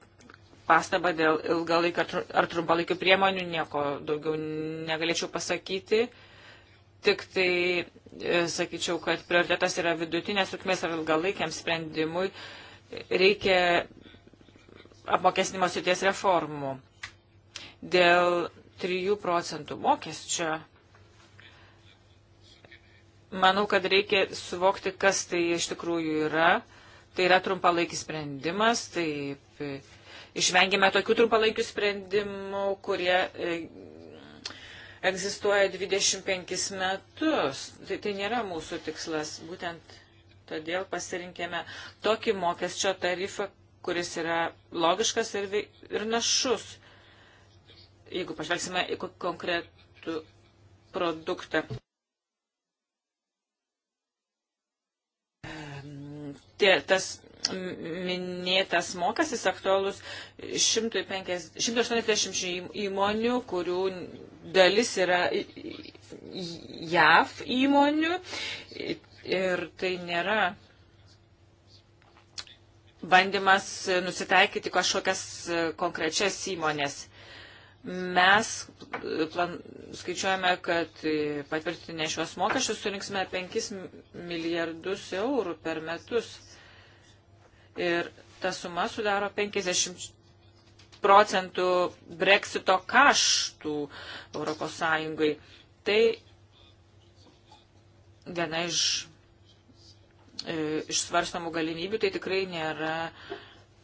pastabą dėl ilgalaikio ar trumpalaikio priemonių nieko daugiau negalėčiau pasakyti tik tai e, sakyčiau, kad prioritetas yra vidutinės trukmės ar ilgalaikiam sprendimui. Reikia apmokestinimo sėties reformų. Dėl 3 procentų mokesčio manau, kad reikia suvokti, kas tai iš tikrųjų yra. Tai yra trumpalaikis sprendimas, taip išvengime tokių trumpalaikių sprendimų, kurie e, egzistuoja 25 metus. Tai, tai nėra mūsų tikslas. Būtent todėl pasirinkėme tokį mokesčio tarifą, kuris yra logiškas ir, ir našus. Jeigu pažvelgsime į konkretų produktą. Tie, tas minėtas mokestis aktualus 180 įmonių, kurių dalis yra JAV įmonių ir tai nėra bandymas nusitaikyti kažkokias konkrečias įmonės. Mes plan, skaičiuojame, kad patvirtinę šios mokesčius surinksime 5 milijardus eurų per metus. Ir ta suma sudaro 50 procentų breksito kaštų Europos Sąjungai. Tai viena iš, e, iš svarstamų galimybių, tai tikrai nėra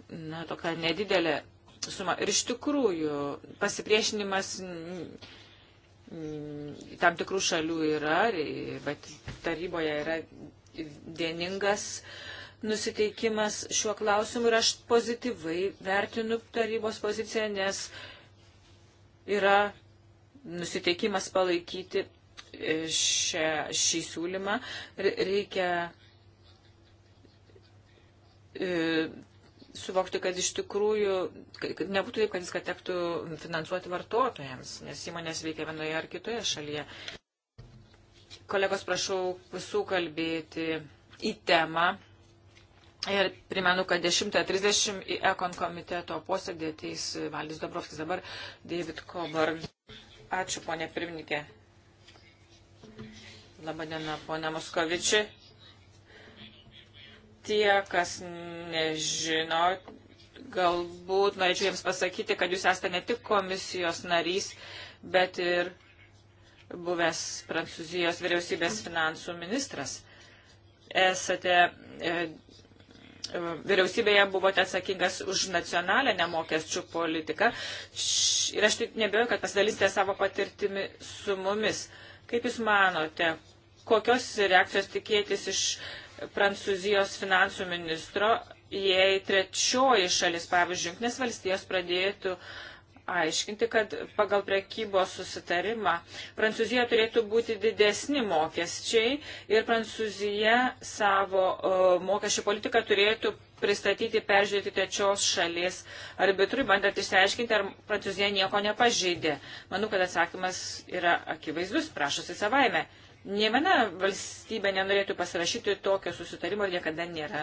na, tokia nedidelė suma. Ir iš tikrųjų pasipriešinimas tam tikrų šalių yra, bet taryboje yra vieningas. E, nusiteikimas šiuo klausimu ir aš pozityvai vertinu tarybos poziciją, nes yra nusiteikimas palaikyti e, šią, šį siūlymą. Reikia e, suvokti, kad iš tikrųjų, kad nebūtų taip, kad viską tektų finansuoti vartotojams, nes įmonės veikia vienoje ar kitoje šalyje. Kolegos, prašau visų kalbėti į temą, Ir primenu, kad 10.30 į Ekon komiteto posėdį ateis Valdis Dobrovskis, dabar David Coburn. Ačiū, ponė pirmininkė. Labadiena, ponė Moskoviči. Tie, kas nežino, galbūt norėčiau jiems pasakyti, kad jūs esate ne tik komisijos narys, bet ir buvęs Prancūzijos vyriausybės finansų ministras. Esate e, vyriausybėje buvote atsakingas už nacionalinę mokesčių politiką. Ir aš taip nebejoju, kad pasidalysite savo patirtimi su mumis. Kaip Jūs manote, kokios reakcijos tikėtis iš Prancūzijos finansų ministro, jei trečioji šalis, pavyzdžiui, Junktinės valstijos pradėtų uh, aiškinti, kad pagal prekybos susitarimą Prancūzija turėtų būti didesni mokesčiai ir Prancūzija savo e, mokesčių politiką turėtų pristatyti, peržiūrėti trečios šalies arbitrui, bandant išsiaiškinti, ar Prancūzija nieko nepažydė. Manau, kad atsakymas yra akivaizdus, prašosi savaime. Ne viena valstybė nenorėtų pasirašyti tokio susitarimo ir niekada nėra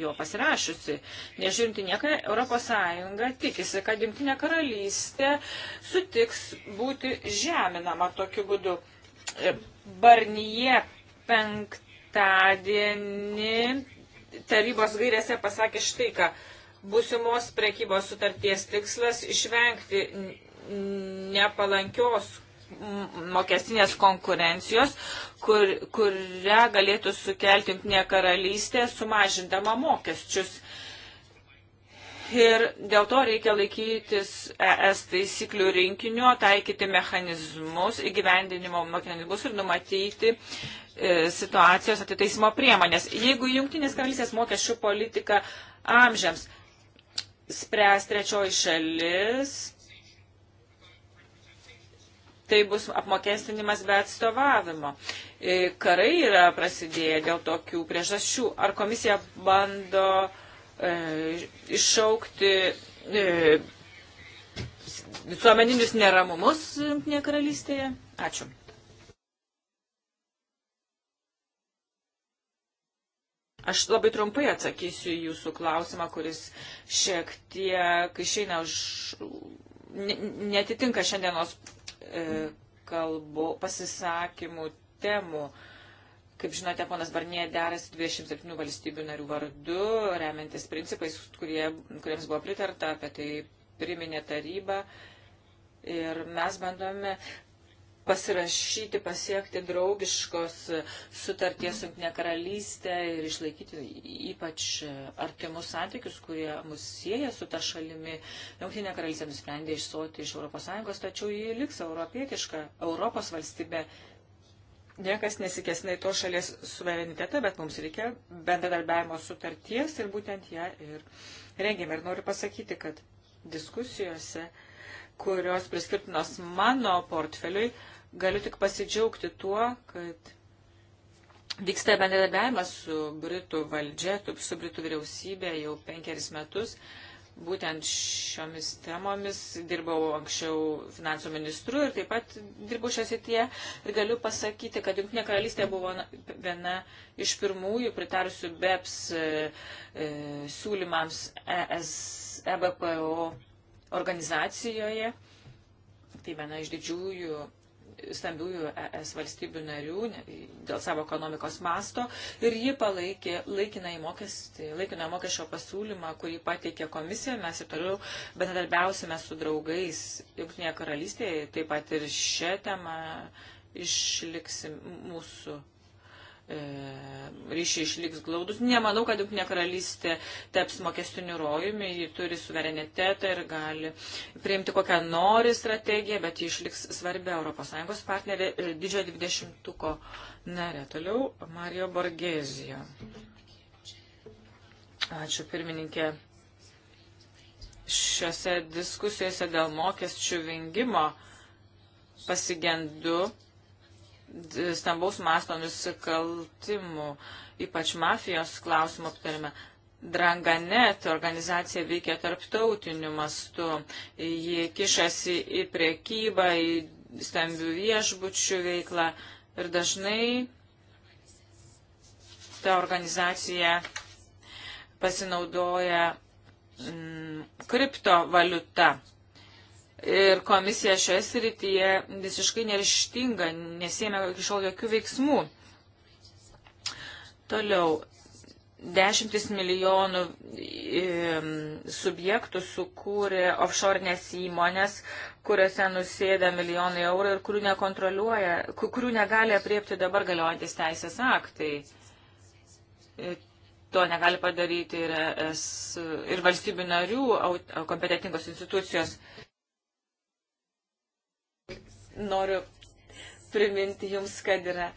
jo pasirašusi. Nežiūrinti nieką, ES tikisi, kad Junktinė karalystė sutiks būti žeminama tokiu būdu. Barnyje penktadienį tarybos gairėse pasakė štai ką. Būsimos prekybos sutarties tikslas išvengti nepalankios mokestinės konkurencijos, kur, kurią galėtų sukelti Junktinė karalystė sumažindama mokesčius. Ir dėl to reikia laikytis ES taisyklių rinkinio, taikyti mechanizmus, įgyvendinimo mechanizmus ir numatyti e, situacijos atitaisimo priemonės. Jeigu Junktinės karalystės mokesčių politika amžiams spręs trečioji šalis, tai bus apmokestinimas be atstovavimo. E, karai yra prasidėję dėl tokių priežasčių. Ar komisija bando e, iššaukti e, visuomeninius neramumus Junktinėje karalystėje? Ačiū. Aš labai trumpai atsakysiu jūsų klausimą, kuris šiek tiek išeina už. netitinka šiandienos E, kalbų, pasisakymų, temų. Kaip žinote, ponas Barnie derasi 27 valstybių narių vardu, remiantis principais, kurie, kuriems buvo pritarta, apie tai priminė taryba. Ir mes bandome pasirašyti, pasiekti draugiškos sutarties su Junktinė karalystė ir išlaikyti ypač artimus santykius, kurie mus sieja su ta šalimi. Junktinė karalystė nusprendė išsoti iš ES, tačiau ji liks europietiška Europos valstybė. Niekas nesikesna į to šalies suverenitetą, bet mums reikia bendradarbiavimo sutarties ir būtent ją ir rengėme. Ir noriu pasakyti, kad diskusijose kurios priskirtinos mano portfeliui, uh, Galiu tik pasidžiaugti tuo, kad vyksta bendradarbiavimas su Britų valdžia, su Britų vyriausybė jau penkeris metus. Būtent šiomis temomis dirbau anksčiau finansų ministru ir taip pat dirbau šią sitiją ir galiu pasakyti, kad Junktinė karalystė buvo viena iš pirmųjų pritarusių BEPS e, e, siūlymams ES, EBPO organizacijoje. Tai viena iš didžiųjų stambiųjų ES valstybių narių dėl savo ekonomikos masto ir ji palaikė laikinai mokestį, laikiną mokesčio pasiūlymą, kurį pateikė komisija. Mes ir toliau bendradarbiausime su draugais Junktinėje karalystėje, taip pat ir šią temą išliksim mūsų E, ryšiai išliks glaudus. Nemanau, kad Junktinė karalystė taps mokestiniu rojumi, ji turi suverenitetą ir gali priimti kokią nori strategiją, bet ji išliks svarbi ES partnerė ir e, didžiojo dvidešimtuko narė. Toliau Mario Borgezijo. Ačiū pirmininkė. Šiuose diskusijose dėl mokesčių vengimo pasigendu stambaus masto nusikaltimų, ypač mafijos klausimų aptarime. Dranganet organizacija veikia tarptautiniu mastu. Ji kišasi į priekybą, į stambių viešbučių veiklą ir dažnai ta organizacija pasinaudoja mm, kriptovaliuta. Ir komisija šioje srityje visiškai nerištinga, nesėmė iki šiol jokių veiksmų. Toliau, dešimtis milijonų subjektų sukūrė offshore'nės įmonės, kuriuose nusėda milijonai eurų ir kurių nekontroliuoja, kurių negali apriepti dabar galiojantis teisės aktai. E, to negali padaryti ir, es, ir valstybių narių kompetentingos institucijos noriu priminti jums, kad yra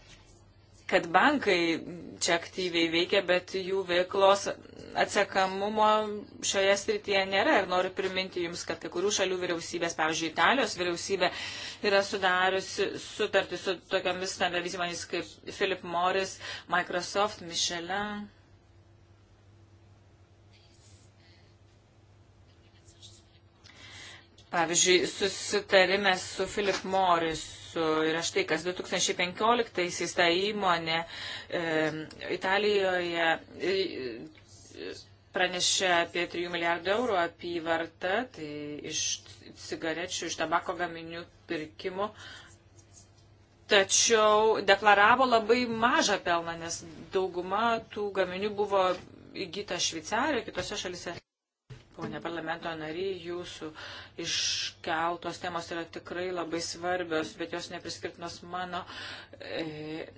kad bankai čia aktyviai veikia, bet jų veiklos atsekamumo šioje srityje nėra. Ir noriu priminti Jums, kad kai kurių šalių vyriausybės, pavyzdžiui, Italijos vyriausybė yra sudariusi sutartį su tokiamis stambiomis įmonėmis kaip Philip Morris, Microsoft, Michelin. Pavyzdžiui, susitarime su Philip Morrisu yra štai, kas 2015-aisiais ta įmonė e, Italijoje e, pranešė apie 3 milijardų eurų apyvartą, tai iš cigarečių, iš tabako gaminių pirkimo tačiau deklaravo labai mažą pelną, nes dauguma tų gaminių buvo įgyta Šveicarijoje, kitose šalise. Pone parlamento nariai, jūsų iškeltos temos yra tikrai labai svarbios, bet jos nepriskirtinos mano e,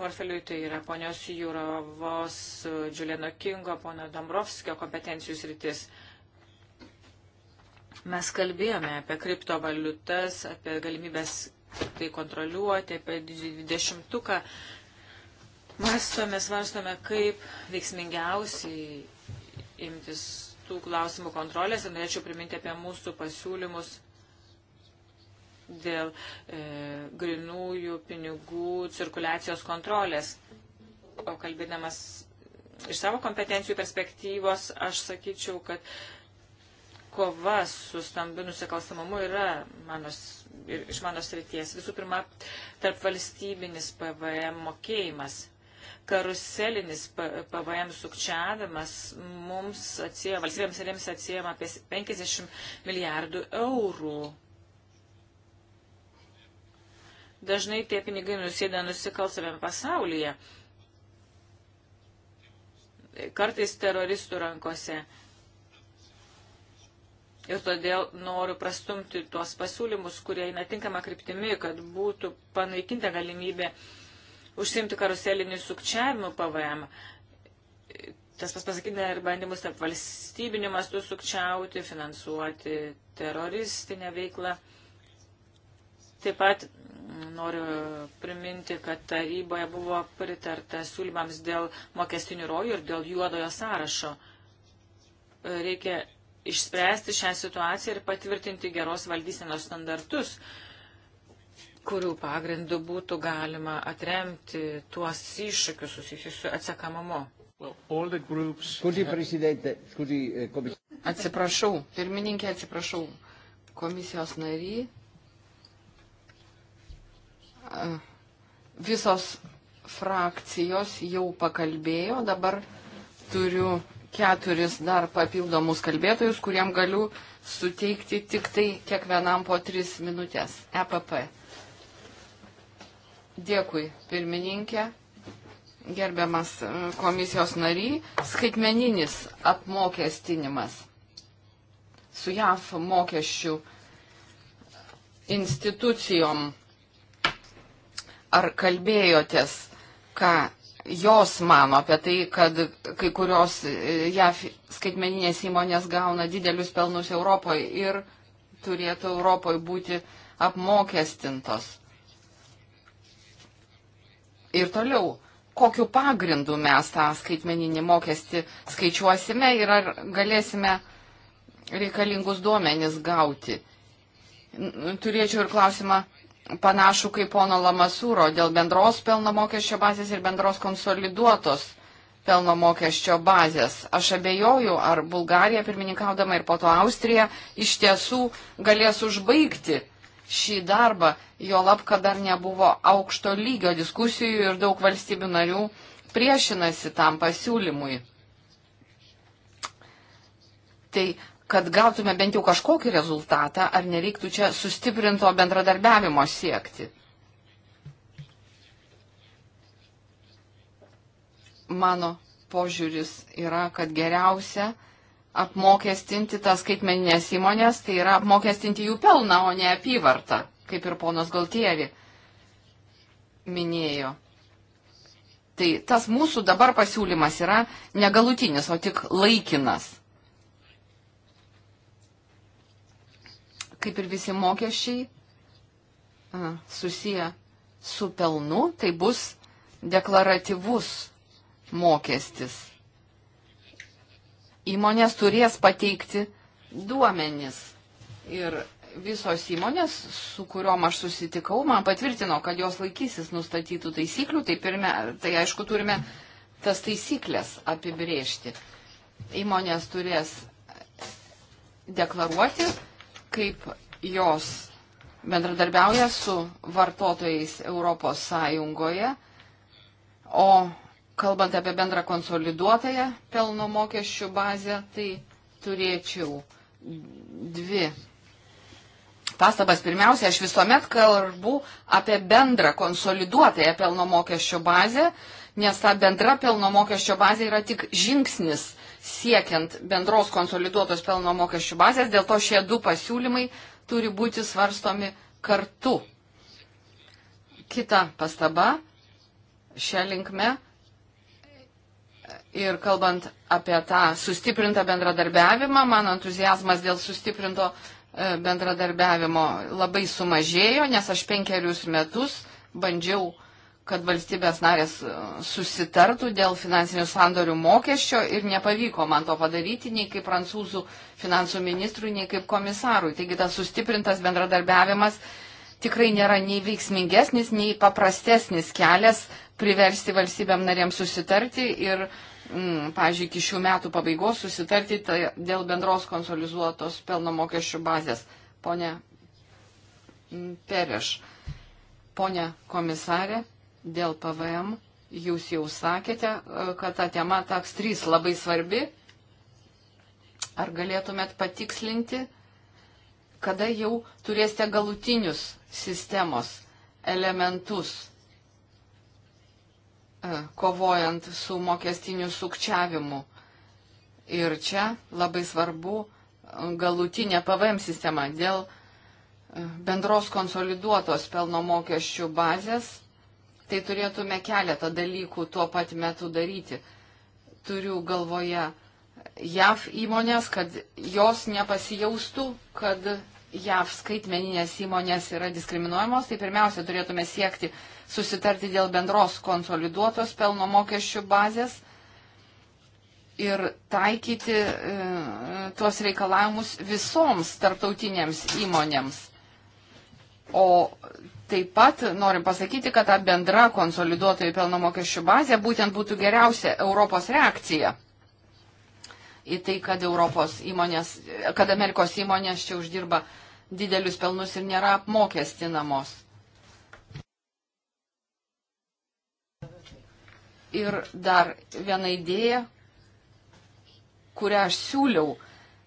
portfeliui. Tai yra ponios Jūrovos, Džiulėno Kingo, pono Dombrovskio kompetencijų sritis. Mes kalbėjome apie kriptovaliutas, apie galimybės tai kontroliuoti, apie dvidešimtuką. Mastome, svarstome, kaip veiksmingiausiai imtis tų klausimų kontrolės ir norėčiau priminti apie mūsų pasiūlymus dėl e, grinųjų pinigų cirkuliacijos kontrolės. O kalbėdamas iš savo kompetencijų perspektyvos, aš sakyčiau, kad kova su stambiu nusikalstamumu yra manos, iš mano srities. Visų pirma, tarp valstybinis PVM mokėjimas karuselinis PVM sukčiavimas mums atsiema, valstybėms narėms atsiema apie 50 milijardų eurų. Dažnai tie pinigai nusėda nusikalstamėm pasaulyje, kartais teroristų rankose. Ir todėl noriu prastumti tuos pasiūlymus, kurie eina tinkama kryptimi, kad būtų panaikinta galimybė uh, užsimti karuselinį sukčiavimų PVM. Tas pas pasakyta ir bandymus tarp valstybinių mastų sukčiauti, finansuoti teroristinę veiklą. Taip pat noriu priminti, kad taryboje buvo pritarta siūlymams dėl mokestinių rojų ir dėl juodojo sąrašo. Reikia išspręsti šią situaciją ir patvirtinti geros valdysenos standartus. Uh, kurių pagrindų būtų galima atremti tuos iššūkius susijusius su atsekamumu. Well, groups... Skusi, prezidente, skusi, komis... Eh, atsiprašau, pirmininkė, atsiprašau, komisijos nary. Eh, visos frakcijos jau pakalbėjo, dabar turiu keturis dar papildomus kalbėtojus, kuriem galiu suteikti tik tai kiekvienam po tris minutės. EPP Dėkui, pirmininkė, gerbiamas e, komisijos nariai. Skaitmeninis apmokestinimas su JAF mokesčių institucijom. Ar kalbėjotės, ką jos mano apie tai, kad kai kurios e, JAF skaitmeninės įmonės gauna didelius pelnus Europoje ir turėtų Europoje būti apmokestintos? Ir toliau, kokiu pagrindu mes tą skaitmeninį mokestį skaičiuosime ir ar galėsime reikalingus duomenis gauti. Turėčiau ir klausimą panašų kaip pono Lamasūro dėl bendros pelno mokesčio bazės ir bendros konsoliduotos pelno mokesčio bazės. Aš abejoju, ar Bulgarija, pirmininkaudama ir po to Austrija, iš tiesų galės užbaigti šį darbą, jo lab, kad dar nebuvo aukšto lygio diskusijų ir daug valstybių narių priešinasi tam pasiūlymui. Tai, kad gautume bent jau kažkokį rezultatą, ar nereiktų čia sustiprinto bendradarbiavimo siekti? Mano požiūris yra, kad geriausia apmokestinti tas skaitmeninės įmonės, tai yra apmokestinti jų pelną, o ne apyvartą, kaip ir ponas Galtieri minėjo. Tai tas mūsų dabar pasiūlymas yra negalutinis, o tik laikinas. Kaip ir visi mokesčiai susiję su pelnu, tai bus deklaratyvus mokestis įmonės turės pateikti duomenis. Ir visos įmonės, su kuriuom aš susitikau, man patvirtino, kad jos laikysis nustatytų taisyklių, tai, pirmia, tai aišku turime tas taisyklės apibriežti. Įmonės turės deklaruoti, kaip jos bendradarbiauja su vartotojais Europos Sąjungoje, o kalbant apie bendrą konsoliduotąją pelno mokesčių bazę, tai turėčiau dvi pastabas. Pirmiausia, aš visuomet kalbu apie bendrą konsoliduotąją pelno mokesčio bazę, nes ta bendra pelno mokesčio bazė yra tik žingsnis siekiant bendros konsoliduotos pelno mokesčių bazės, dėl to šie du pasiūlymai turi būti svarstomi kartu. Kita pastaba šią linkmę Ir kalbant apie tą sustiprintą bendradarbiavimą, mano entuzijazmas dėl sustiprinto e, bendradarbiavimo labai sumažėjo, nes aš penkerius metus bandžiau, kad valstybės narės e, susitartų dėl finansinių sandorių mokesčio ir nepavyko man to padaryti nei kaip prancūzų finansų ministrui, nei kaip komisarui. Taigi tas sustiprintas bendradarbiavimas tikrai nėra nei veiksmingesnis, nei paprastesnis kelias priversti valstybėm narėm susitarti ir uh, mm, pažiūrėjau, iki šių metų pabaigos susitarti tai dėl bendros konsolizuotos pelno mokesčių bazės. Pone mm, Pereš, pone komisarė, dėl PVM jūs jau sakėte, e, kad ta tema taks 3 labai svarbi. Ar galėtumėt patikslinti, kada jau turėsite galutinius sistemos elementus? E, kovojant su mokestiniu sukčiavimu. Ir čia labai svarbu e, galutinė PVM sistema dėl e, bendros konsoliduotos pelno mokesčių bazės. Tai turėtume keletą dalykų tuo pat metu daryti. Turiu galvoje JAV įmonės, kad jos nepasijaustų, kad JAV skaitmeninės įmonės yra diskriminuojamos. Tai pirmiausia, turėtume siekti susitarti dėl bendros konsoliduotos pelno mokesčių bazės ir taikyti e, tuos reikalavimus visoms tarptautinėms įmonėms. O taip pat norim pasakyti, kad ta bendra konsoliduotojų pelno mokesčių bazė būtent būtų geriausia Europos reakcija į tai, kad, Europos įmonės, kad Amerikos įmonės čia uždirba didelius pelnus ir nėra apmokestinamos. ir dar viena idėja, kurią aš siūliau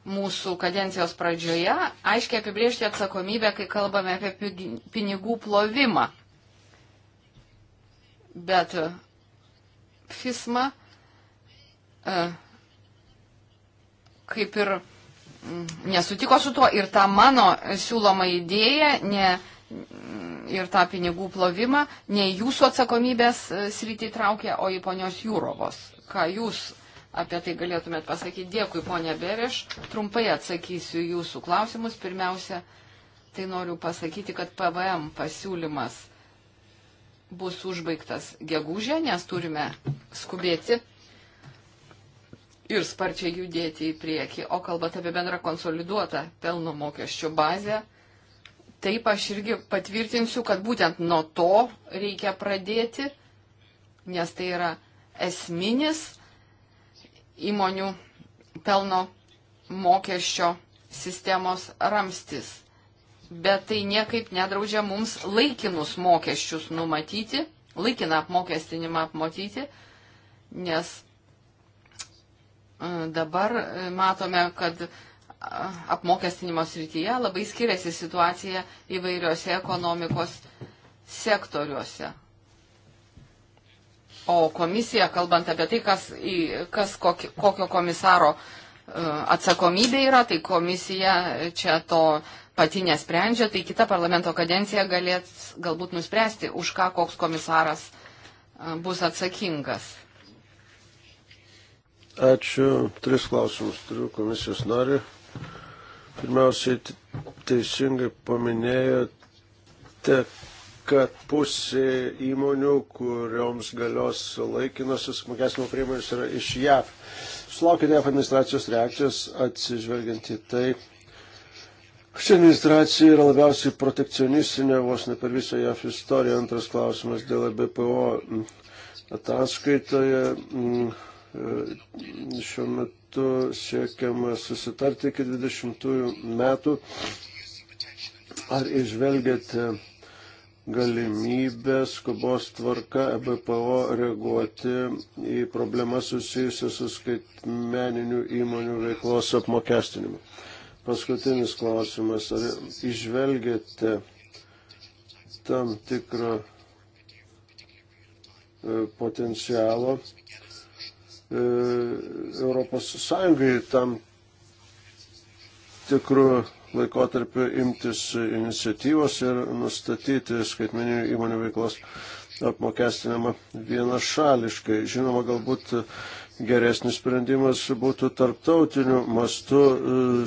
mūsų kadencijos pradžioje, aiškiai apibriežti atsakomybę, kai kalbame apie pinigų plovimą. Bet e, FISMA, e, kaip ir mm, nesutiko su tuo ir ta mano siūloma idėja ne, ir tą pinigų plovimą ne jūsų atsakomybės e, sritį traukia, o į ponios Jūrovos. Ką jūs apie tai galėtumėt pasakyti? Dėkui, ponė Bereš. Trumpai atsakysiu jūsų klausimus. Pirmiausia, tai noriu pasakyti, kad PVM pasiūlymas bus užbaigtas gegužė, nes turime skubėti ir sparčiai judėti į priekį. O kalbant apie bendrą konsoliduotą pelno mokesčio bazę, Taip aš irgi patvirtinsiu, kad būtent nuo to reikia pradėti, nes tai yra esminis įmonių pelno mokesčio sistemos ramstis. Bet tai niekaip nedraudžia mums laikinus mokesčius numatyti, laikiną apmokestinimą apmatyti, nes e, dabar e, matome, kad apmokestinimo srityje labai skiriasi situacija įvairiose ekonomikos sektoriuose. O komisija, kalbant apie tai, kas, kas kokio, kokio komisaro e, atsakomybė yra, tai komisija čia to pati nesprendžia, tai kita parlamento kadencija galės galbūt nuspręsti, už ką koks komisaras e, bus atsakingas. Ačiū. Tris klausimus turiu komisijos nariui. Pirmiausiai teisingai paminėjote, kad pusė įmonių, kurioms galios laikinosios mokesnimo priemonės yra iš JAV. Sulaukite JAV administracijos reakcijos atsižvelgiant į tai. Ši administracija yra labiausiai protekcionistinė vos ne per visą JAV istoriją. Antras klausimas dėl e BPO ataskaitoje mm, e, šiuo metu metų siekiama susitarti iki 20 metų. Ar išvelgiate galimybę skubos tvarka EBPO reaguoti į problemas susijusias su skaitmeniniu įmonių veiklos apmokestinimu? Paskutinis klausimas. Ar išvelgiate tam tikrą e, potencialo E, Europos Sąjungai tam tikrų laikotarpiu imtis iniciatyvos ir nustatyti skaitmeninių įmonių veiklos apmokestinama vienašališkai. Žinoma, galbūt geresnis sprendimas būtų tarptautiniu mastu e,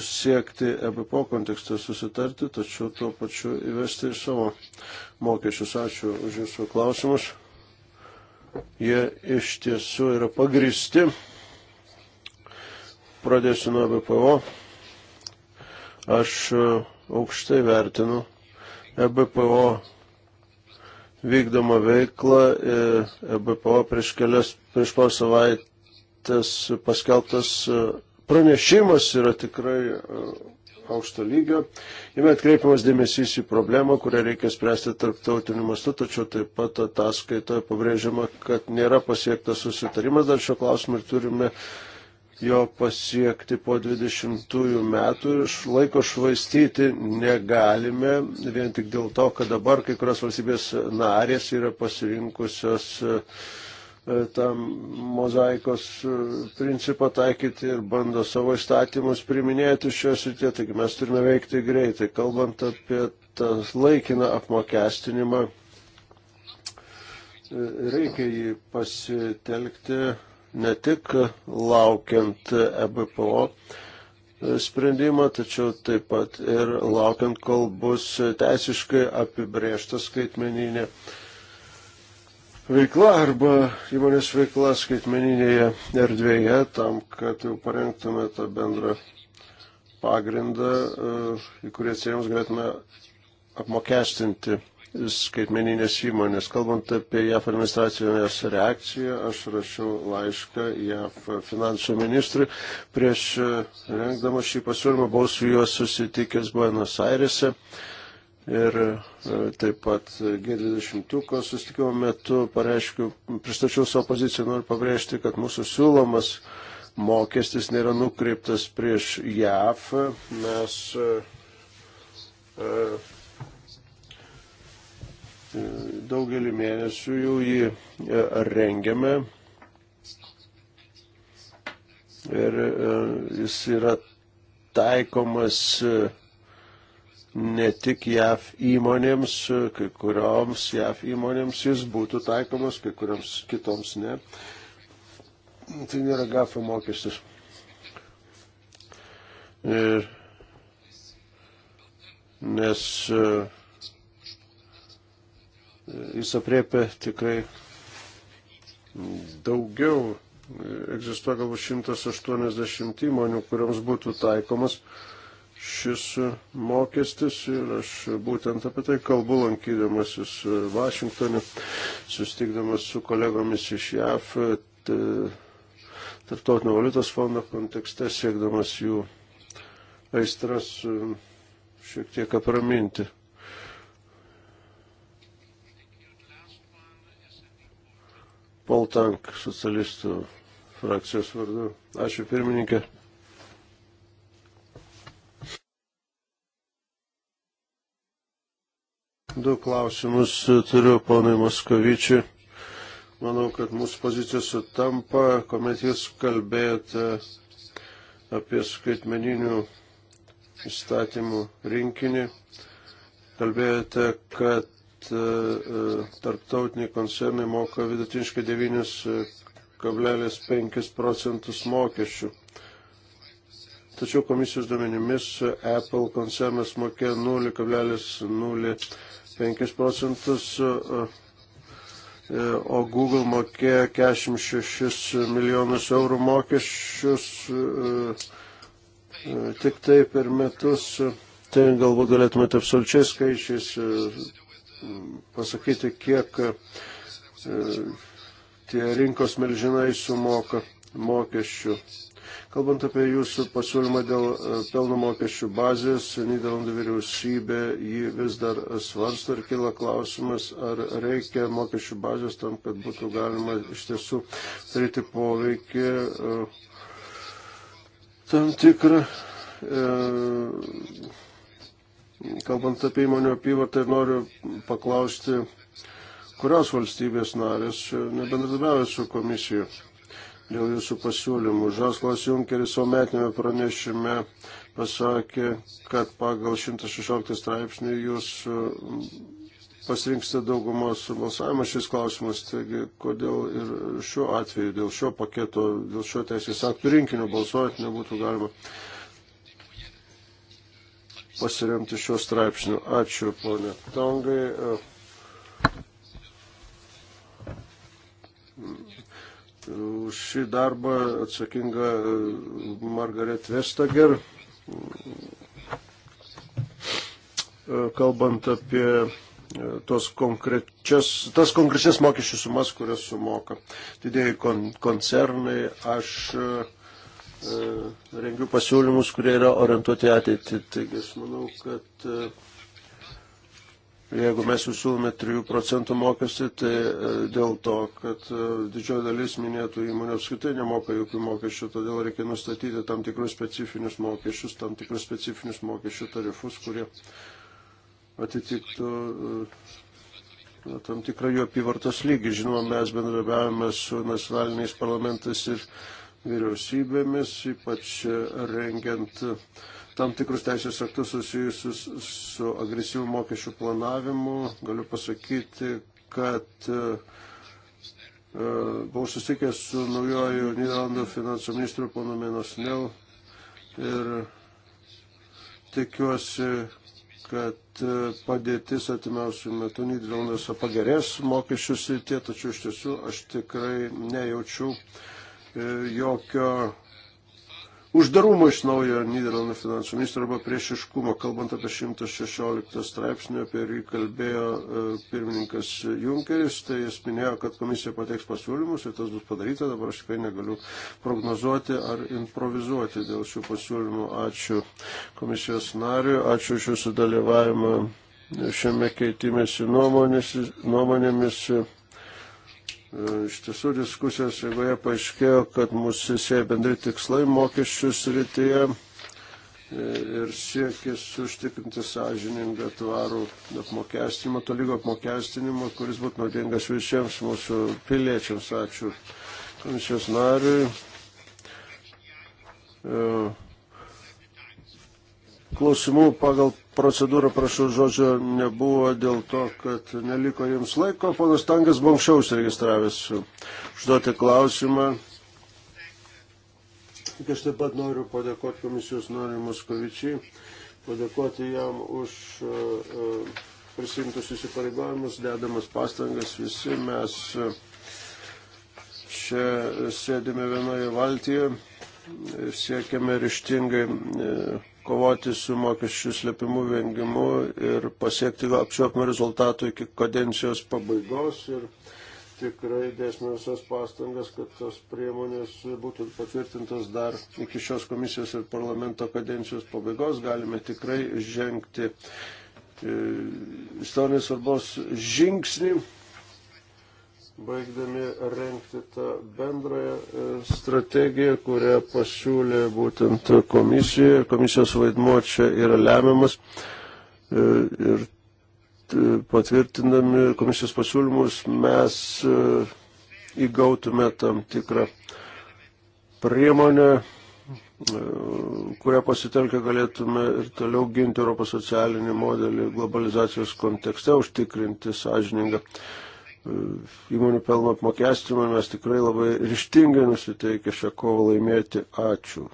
siekti EBPO kontekste susitarti, tačiau tuo pačiu įvesti ir savo mokesčius. Ačiū už Jūsų klausimus jie iš tiesų yra pagristi. Pradėsiu nuo BPO. Aš e, aukštai vertinu EBPO vykdomą veiklą. EBPO e prieš kelias, prieš po savaitės paskelbtas e, pranešimas yra tikrai aukšto lygio. Jame atkreipiamas dėmesys į problemą, kurią reikia spręsti tarptautiniu mastu, tačiau taip pat ataskaitoje pabrėžiama, kad nėra pasiektas susitarimas dar šio klausimu ir turime jo pasiekti po 20 metų iš laiko švaistyti negalime, vien tik dėl to, kad dabar kai kurios valstybės narės yra pasirinkusios uh, E, tą mozaikos e, principą taikyti ir bando savo įstatymus priminėti šios ir tie, taigi mes turime veikti greitai. Kalbant apie tą laikiną apmokestinimą, e, reikia jį pasitelkti ne tik laukiant EBPO sprendimą, tačiau taip pat ir laukiant, kol bus teisiškai apibriešta skaitmeninė. Ne veikla arba įmonės veikla skaitmeninėje erdvėje tam, kad jau parengtume tą bendrą pagrindą, eh, į kurį atsirėmus galėtume apmokestinti skaitmeninės įmonės. Kalbant apie JAF administracijos reakciją, aš rašiau laišką JAF finansų ministrui. Prieš eh, rengdamas šį pasiūlymą buvau su juo susitikęs Buenos Airese. Ir e, taip pat G20 susitikimo metu pareiškiu, pristačiau savo poziciją, noriu pabrėžti, kad mūsų siūlomas mokestis nėra nukreiptas prieš JAV. Mes e, e, daugelį mėnesių jau jį rengiame ir jis yra taikomas ne tik JAV įmonėms, kai kurioms JAV įmonėms jis būtų taikomas, kai kurioms kitoms ne. Tai nėra GAFO mokestis. Ir, nes e, jis apriepia tikrai daugiau. Egzistuoja galbūt 180 įmonių, kuriams būtų taikomas. Uh, šis mokestis ir aš būtent apie tai kalbu lankydamasis Vašingtonė, sustikdamas su kolegomis iš JAF, Tartautinio valiutos fondo kontekste siekdamas jų aistras šiek tiek apraminti. Paul Tank, socialistų frakcijos vardu. Ačiū pirmininkė. Du klausimus turiu ponui Moskovičiui. Manau, kad mūsų pozicijos sutampa, kuomet jūs kalbėjote apie skaitmeninių įstatymų rinkinį. Kalbėjote, kad e, e, tarptautiniai koncernai moka vidutiniškai 9,5 e, procentus mokesčių. Tačiau komisijos duomenimis Apple koncernas mokė 0,0 5 procentus, o Google mokėjo 46 milijonus eurų mokesčius tik tai per metus. Tai galbūt galėtumėte absoliučiai skaičiais pasakyti, kiek e, tie rinkos milžinai sumoka mokesčių. Kalbant apie jūsų pasiūlymą dėl e, pelno mokesčių bazės, Niderlandų vyriausybė jį vis dar svarsto ir kila klausimas, ar reikia mokesčių bazės tam, kad būtų galima iš tiesų daryti poveikį e, tam tikrą. E, Kalbant apie įmonių apyvartą, noriu paklausti, kurios valstybės narės e, nebendradarbiauja su komisija dėl jūsų pasiūlymų. Žaslas Junkeris savo metinėme pranešime pasakė, kad pagal 116 straipsnį jūs mm, pasirinksite daugumos balsavimą šis klausimas, taigi kodėl ir šiuo atveju, dėl šio paketo, dėl šio teisės aktų rinkinio balsuoti nebūtų galima pasiremti šiuo straipsniu. Ačiū, ponė Tongai už šį darbą atsakinga e, Margaret Vestager. E, kalbant apie e, tos konkrečias, tas konkrečias mokesčių sumas, kurias sumoka didėjai kon, koncernai, aš rengiu pasiūlymus, kurie yra orientuoti ateitį. Taigi aš manau, kad Jeigu mes jūs siūlome 3 procentų mokestį, tai e, dėl to, kad e, didžioji dalis minėtų įmonių apskritai nemoka jokių mokesčių, todėl reikia nustatyti tam tikrus specifinius mokesčius, tam tikrus specifinius mokesčių tarifus, kurie atitiktų e, na, tam tikrą jų apyvartos lygį. Žinoma, mes bendrabiavame su nacionaliniais parlamentais ir vyriausybėmis, ypač rengiant uh, tam tikrus teisės aktus susijusius su agresyviu mokesčių planavimu. Galiu pasakyti, kad e, e, buvau susitikęs su naujoju Niderlandų finansų ministru ponu Menosnel ir tikiuosi, kad e, padėtis atimiausių metų Niderlanduose pagerės mokesčių srityje, tačiau iš tiesų aš tikrai nejaučiu jokio uždarumo iš naujo Niderlandų finansų ministro arba priešiškumo, kalbant apie 116 straipsnį, apie jį kalbėjo e, pirmininkas Junkeris, tai jis minėjo, kad komisija pateiks pasiūlymus ir tas bus padaryta, dabar aš tikrai negaliu prognozuoti ar improvizuoti dėl šių pasiūlymų. Ačiū komisijos nariu, ačiū iš jūsų dalyvavimą šiame keitimėsi nuomonėmis. nuomonėmis E, iš tiesų diskusijos, jeigu jie paaiškėjo, kad mūsų sieja bendri tikslai mokesčių srityje e, ir siekis užtikrinti sąžiningą tvarų apmokestinimą, tolygo apmokestinimą, kuris būtų naudingas visiems mūsų piliečiams. Ačiū komisijos nariui. E, klausimų pagal procedūrą, prašau, žodžio nebuvo dėl to, kad neliko jums laiko. Ponas Tangas buvo anksčiau užsiregistravęs užduoti klausimą. Tik aš taip pat noriu padėkoti komisijos noriu Moskovičiai, padėkoti jam už e, e, prisimtus įsipareigojimus, dedamas pastangas. Visi mes e, čia sėdime vienoje valtyje ir siekiame ryštingai kovoti su mokesčių slėpimu, vengimu ir pasiekti apčiuopimo rezultatų iki kadencijos pabaigos. Ir tikrai dėsime visas pastangas, kad tos priemonės būtų patvirtintos dar iki šios komisijos ir parlamento kadencijos pabaigos. Galime tikrai žengti e, istorinės svarbos žingsnį baigdami renkti tą bendrąją e, strategiją, kurią pasiūlė būtent komisija. Komisijos vaidmuo čia yra lemiamas. E, ir e, patvirtindami komisijos pasiūlymus mes įgautume tam tikrą priemonę, kurią pasitelkę galėtume ir toliau ginti Europos socialinį modelį globalizacijos kontekste, užtikrinti sąžiningą įmonių pelno apmokestinimą, mes tikrai labai ryštingai nusiteikę šią kovą laimėti. Ačiū.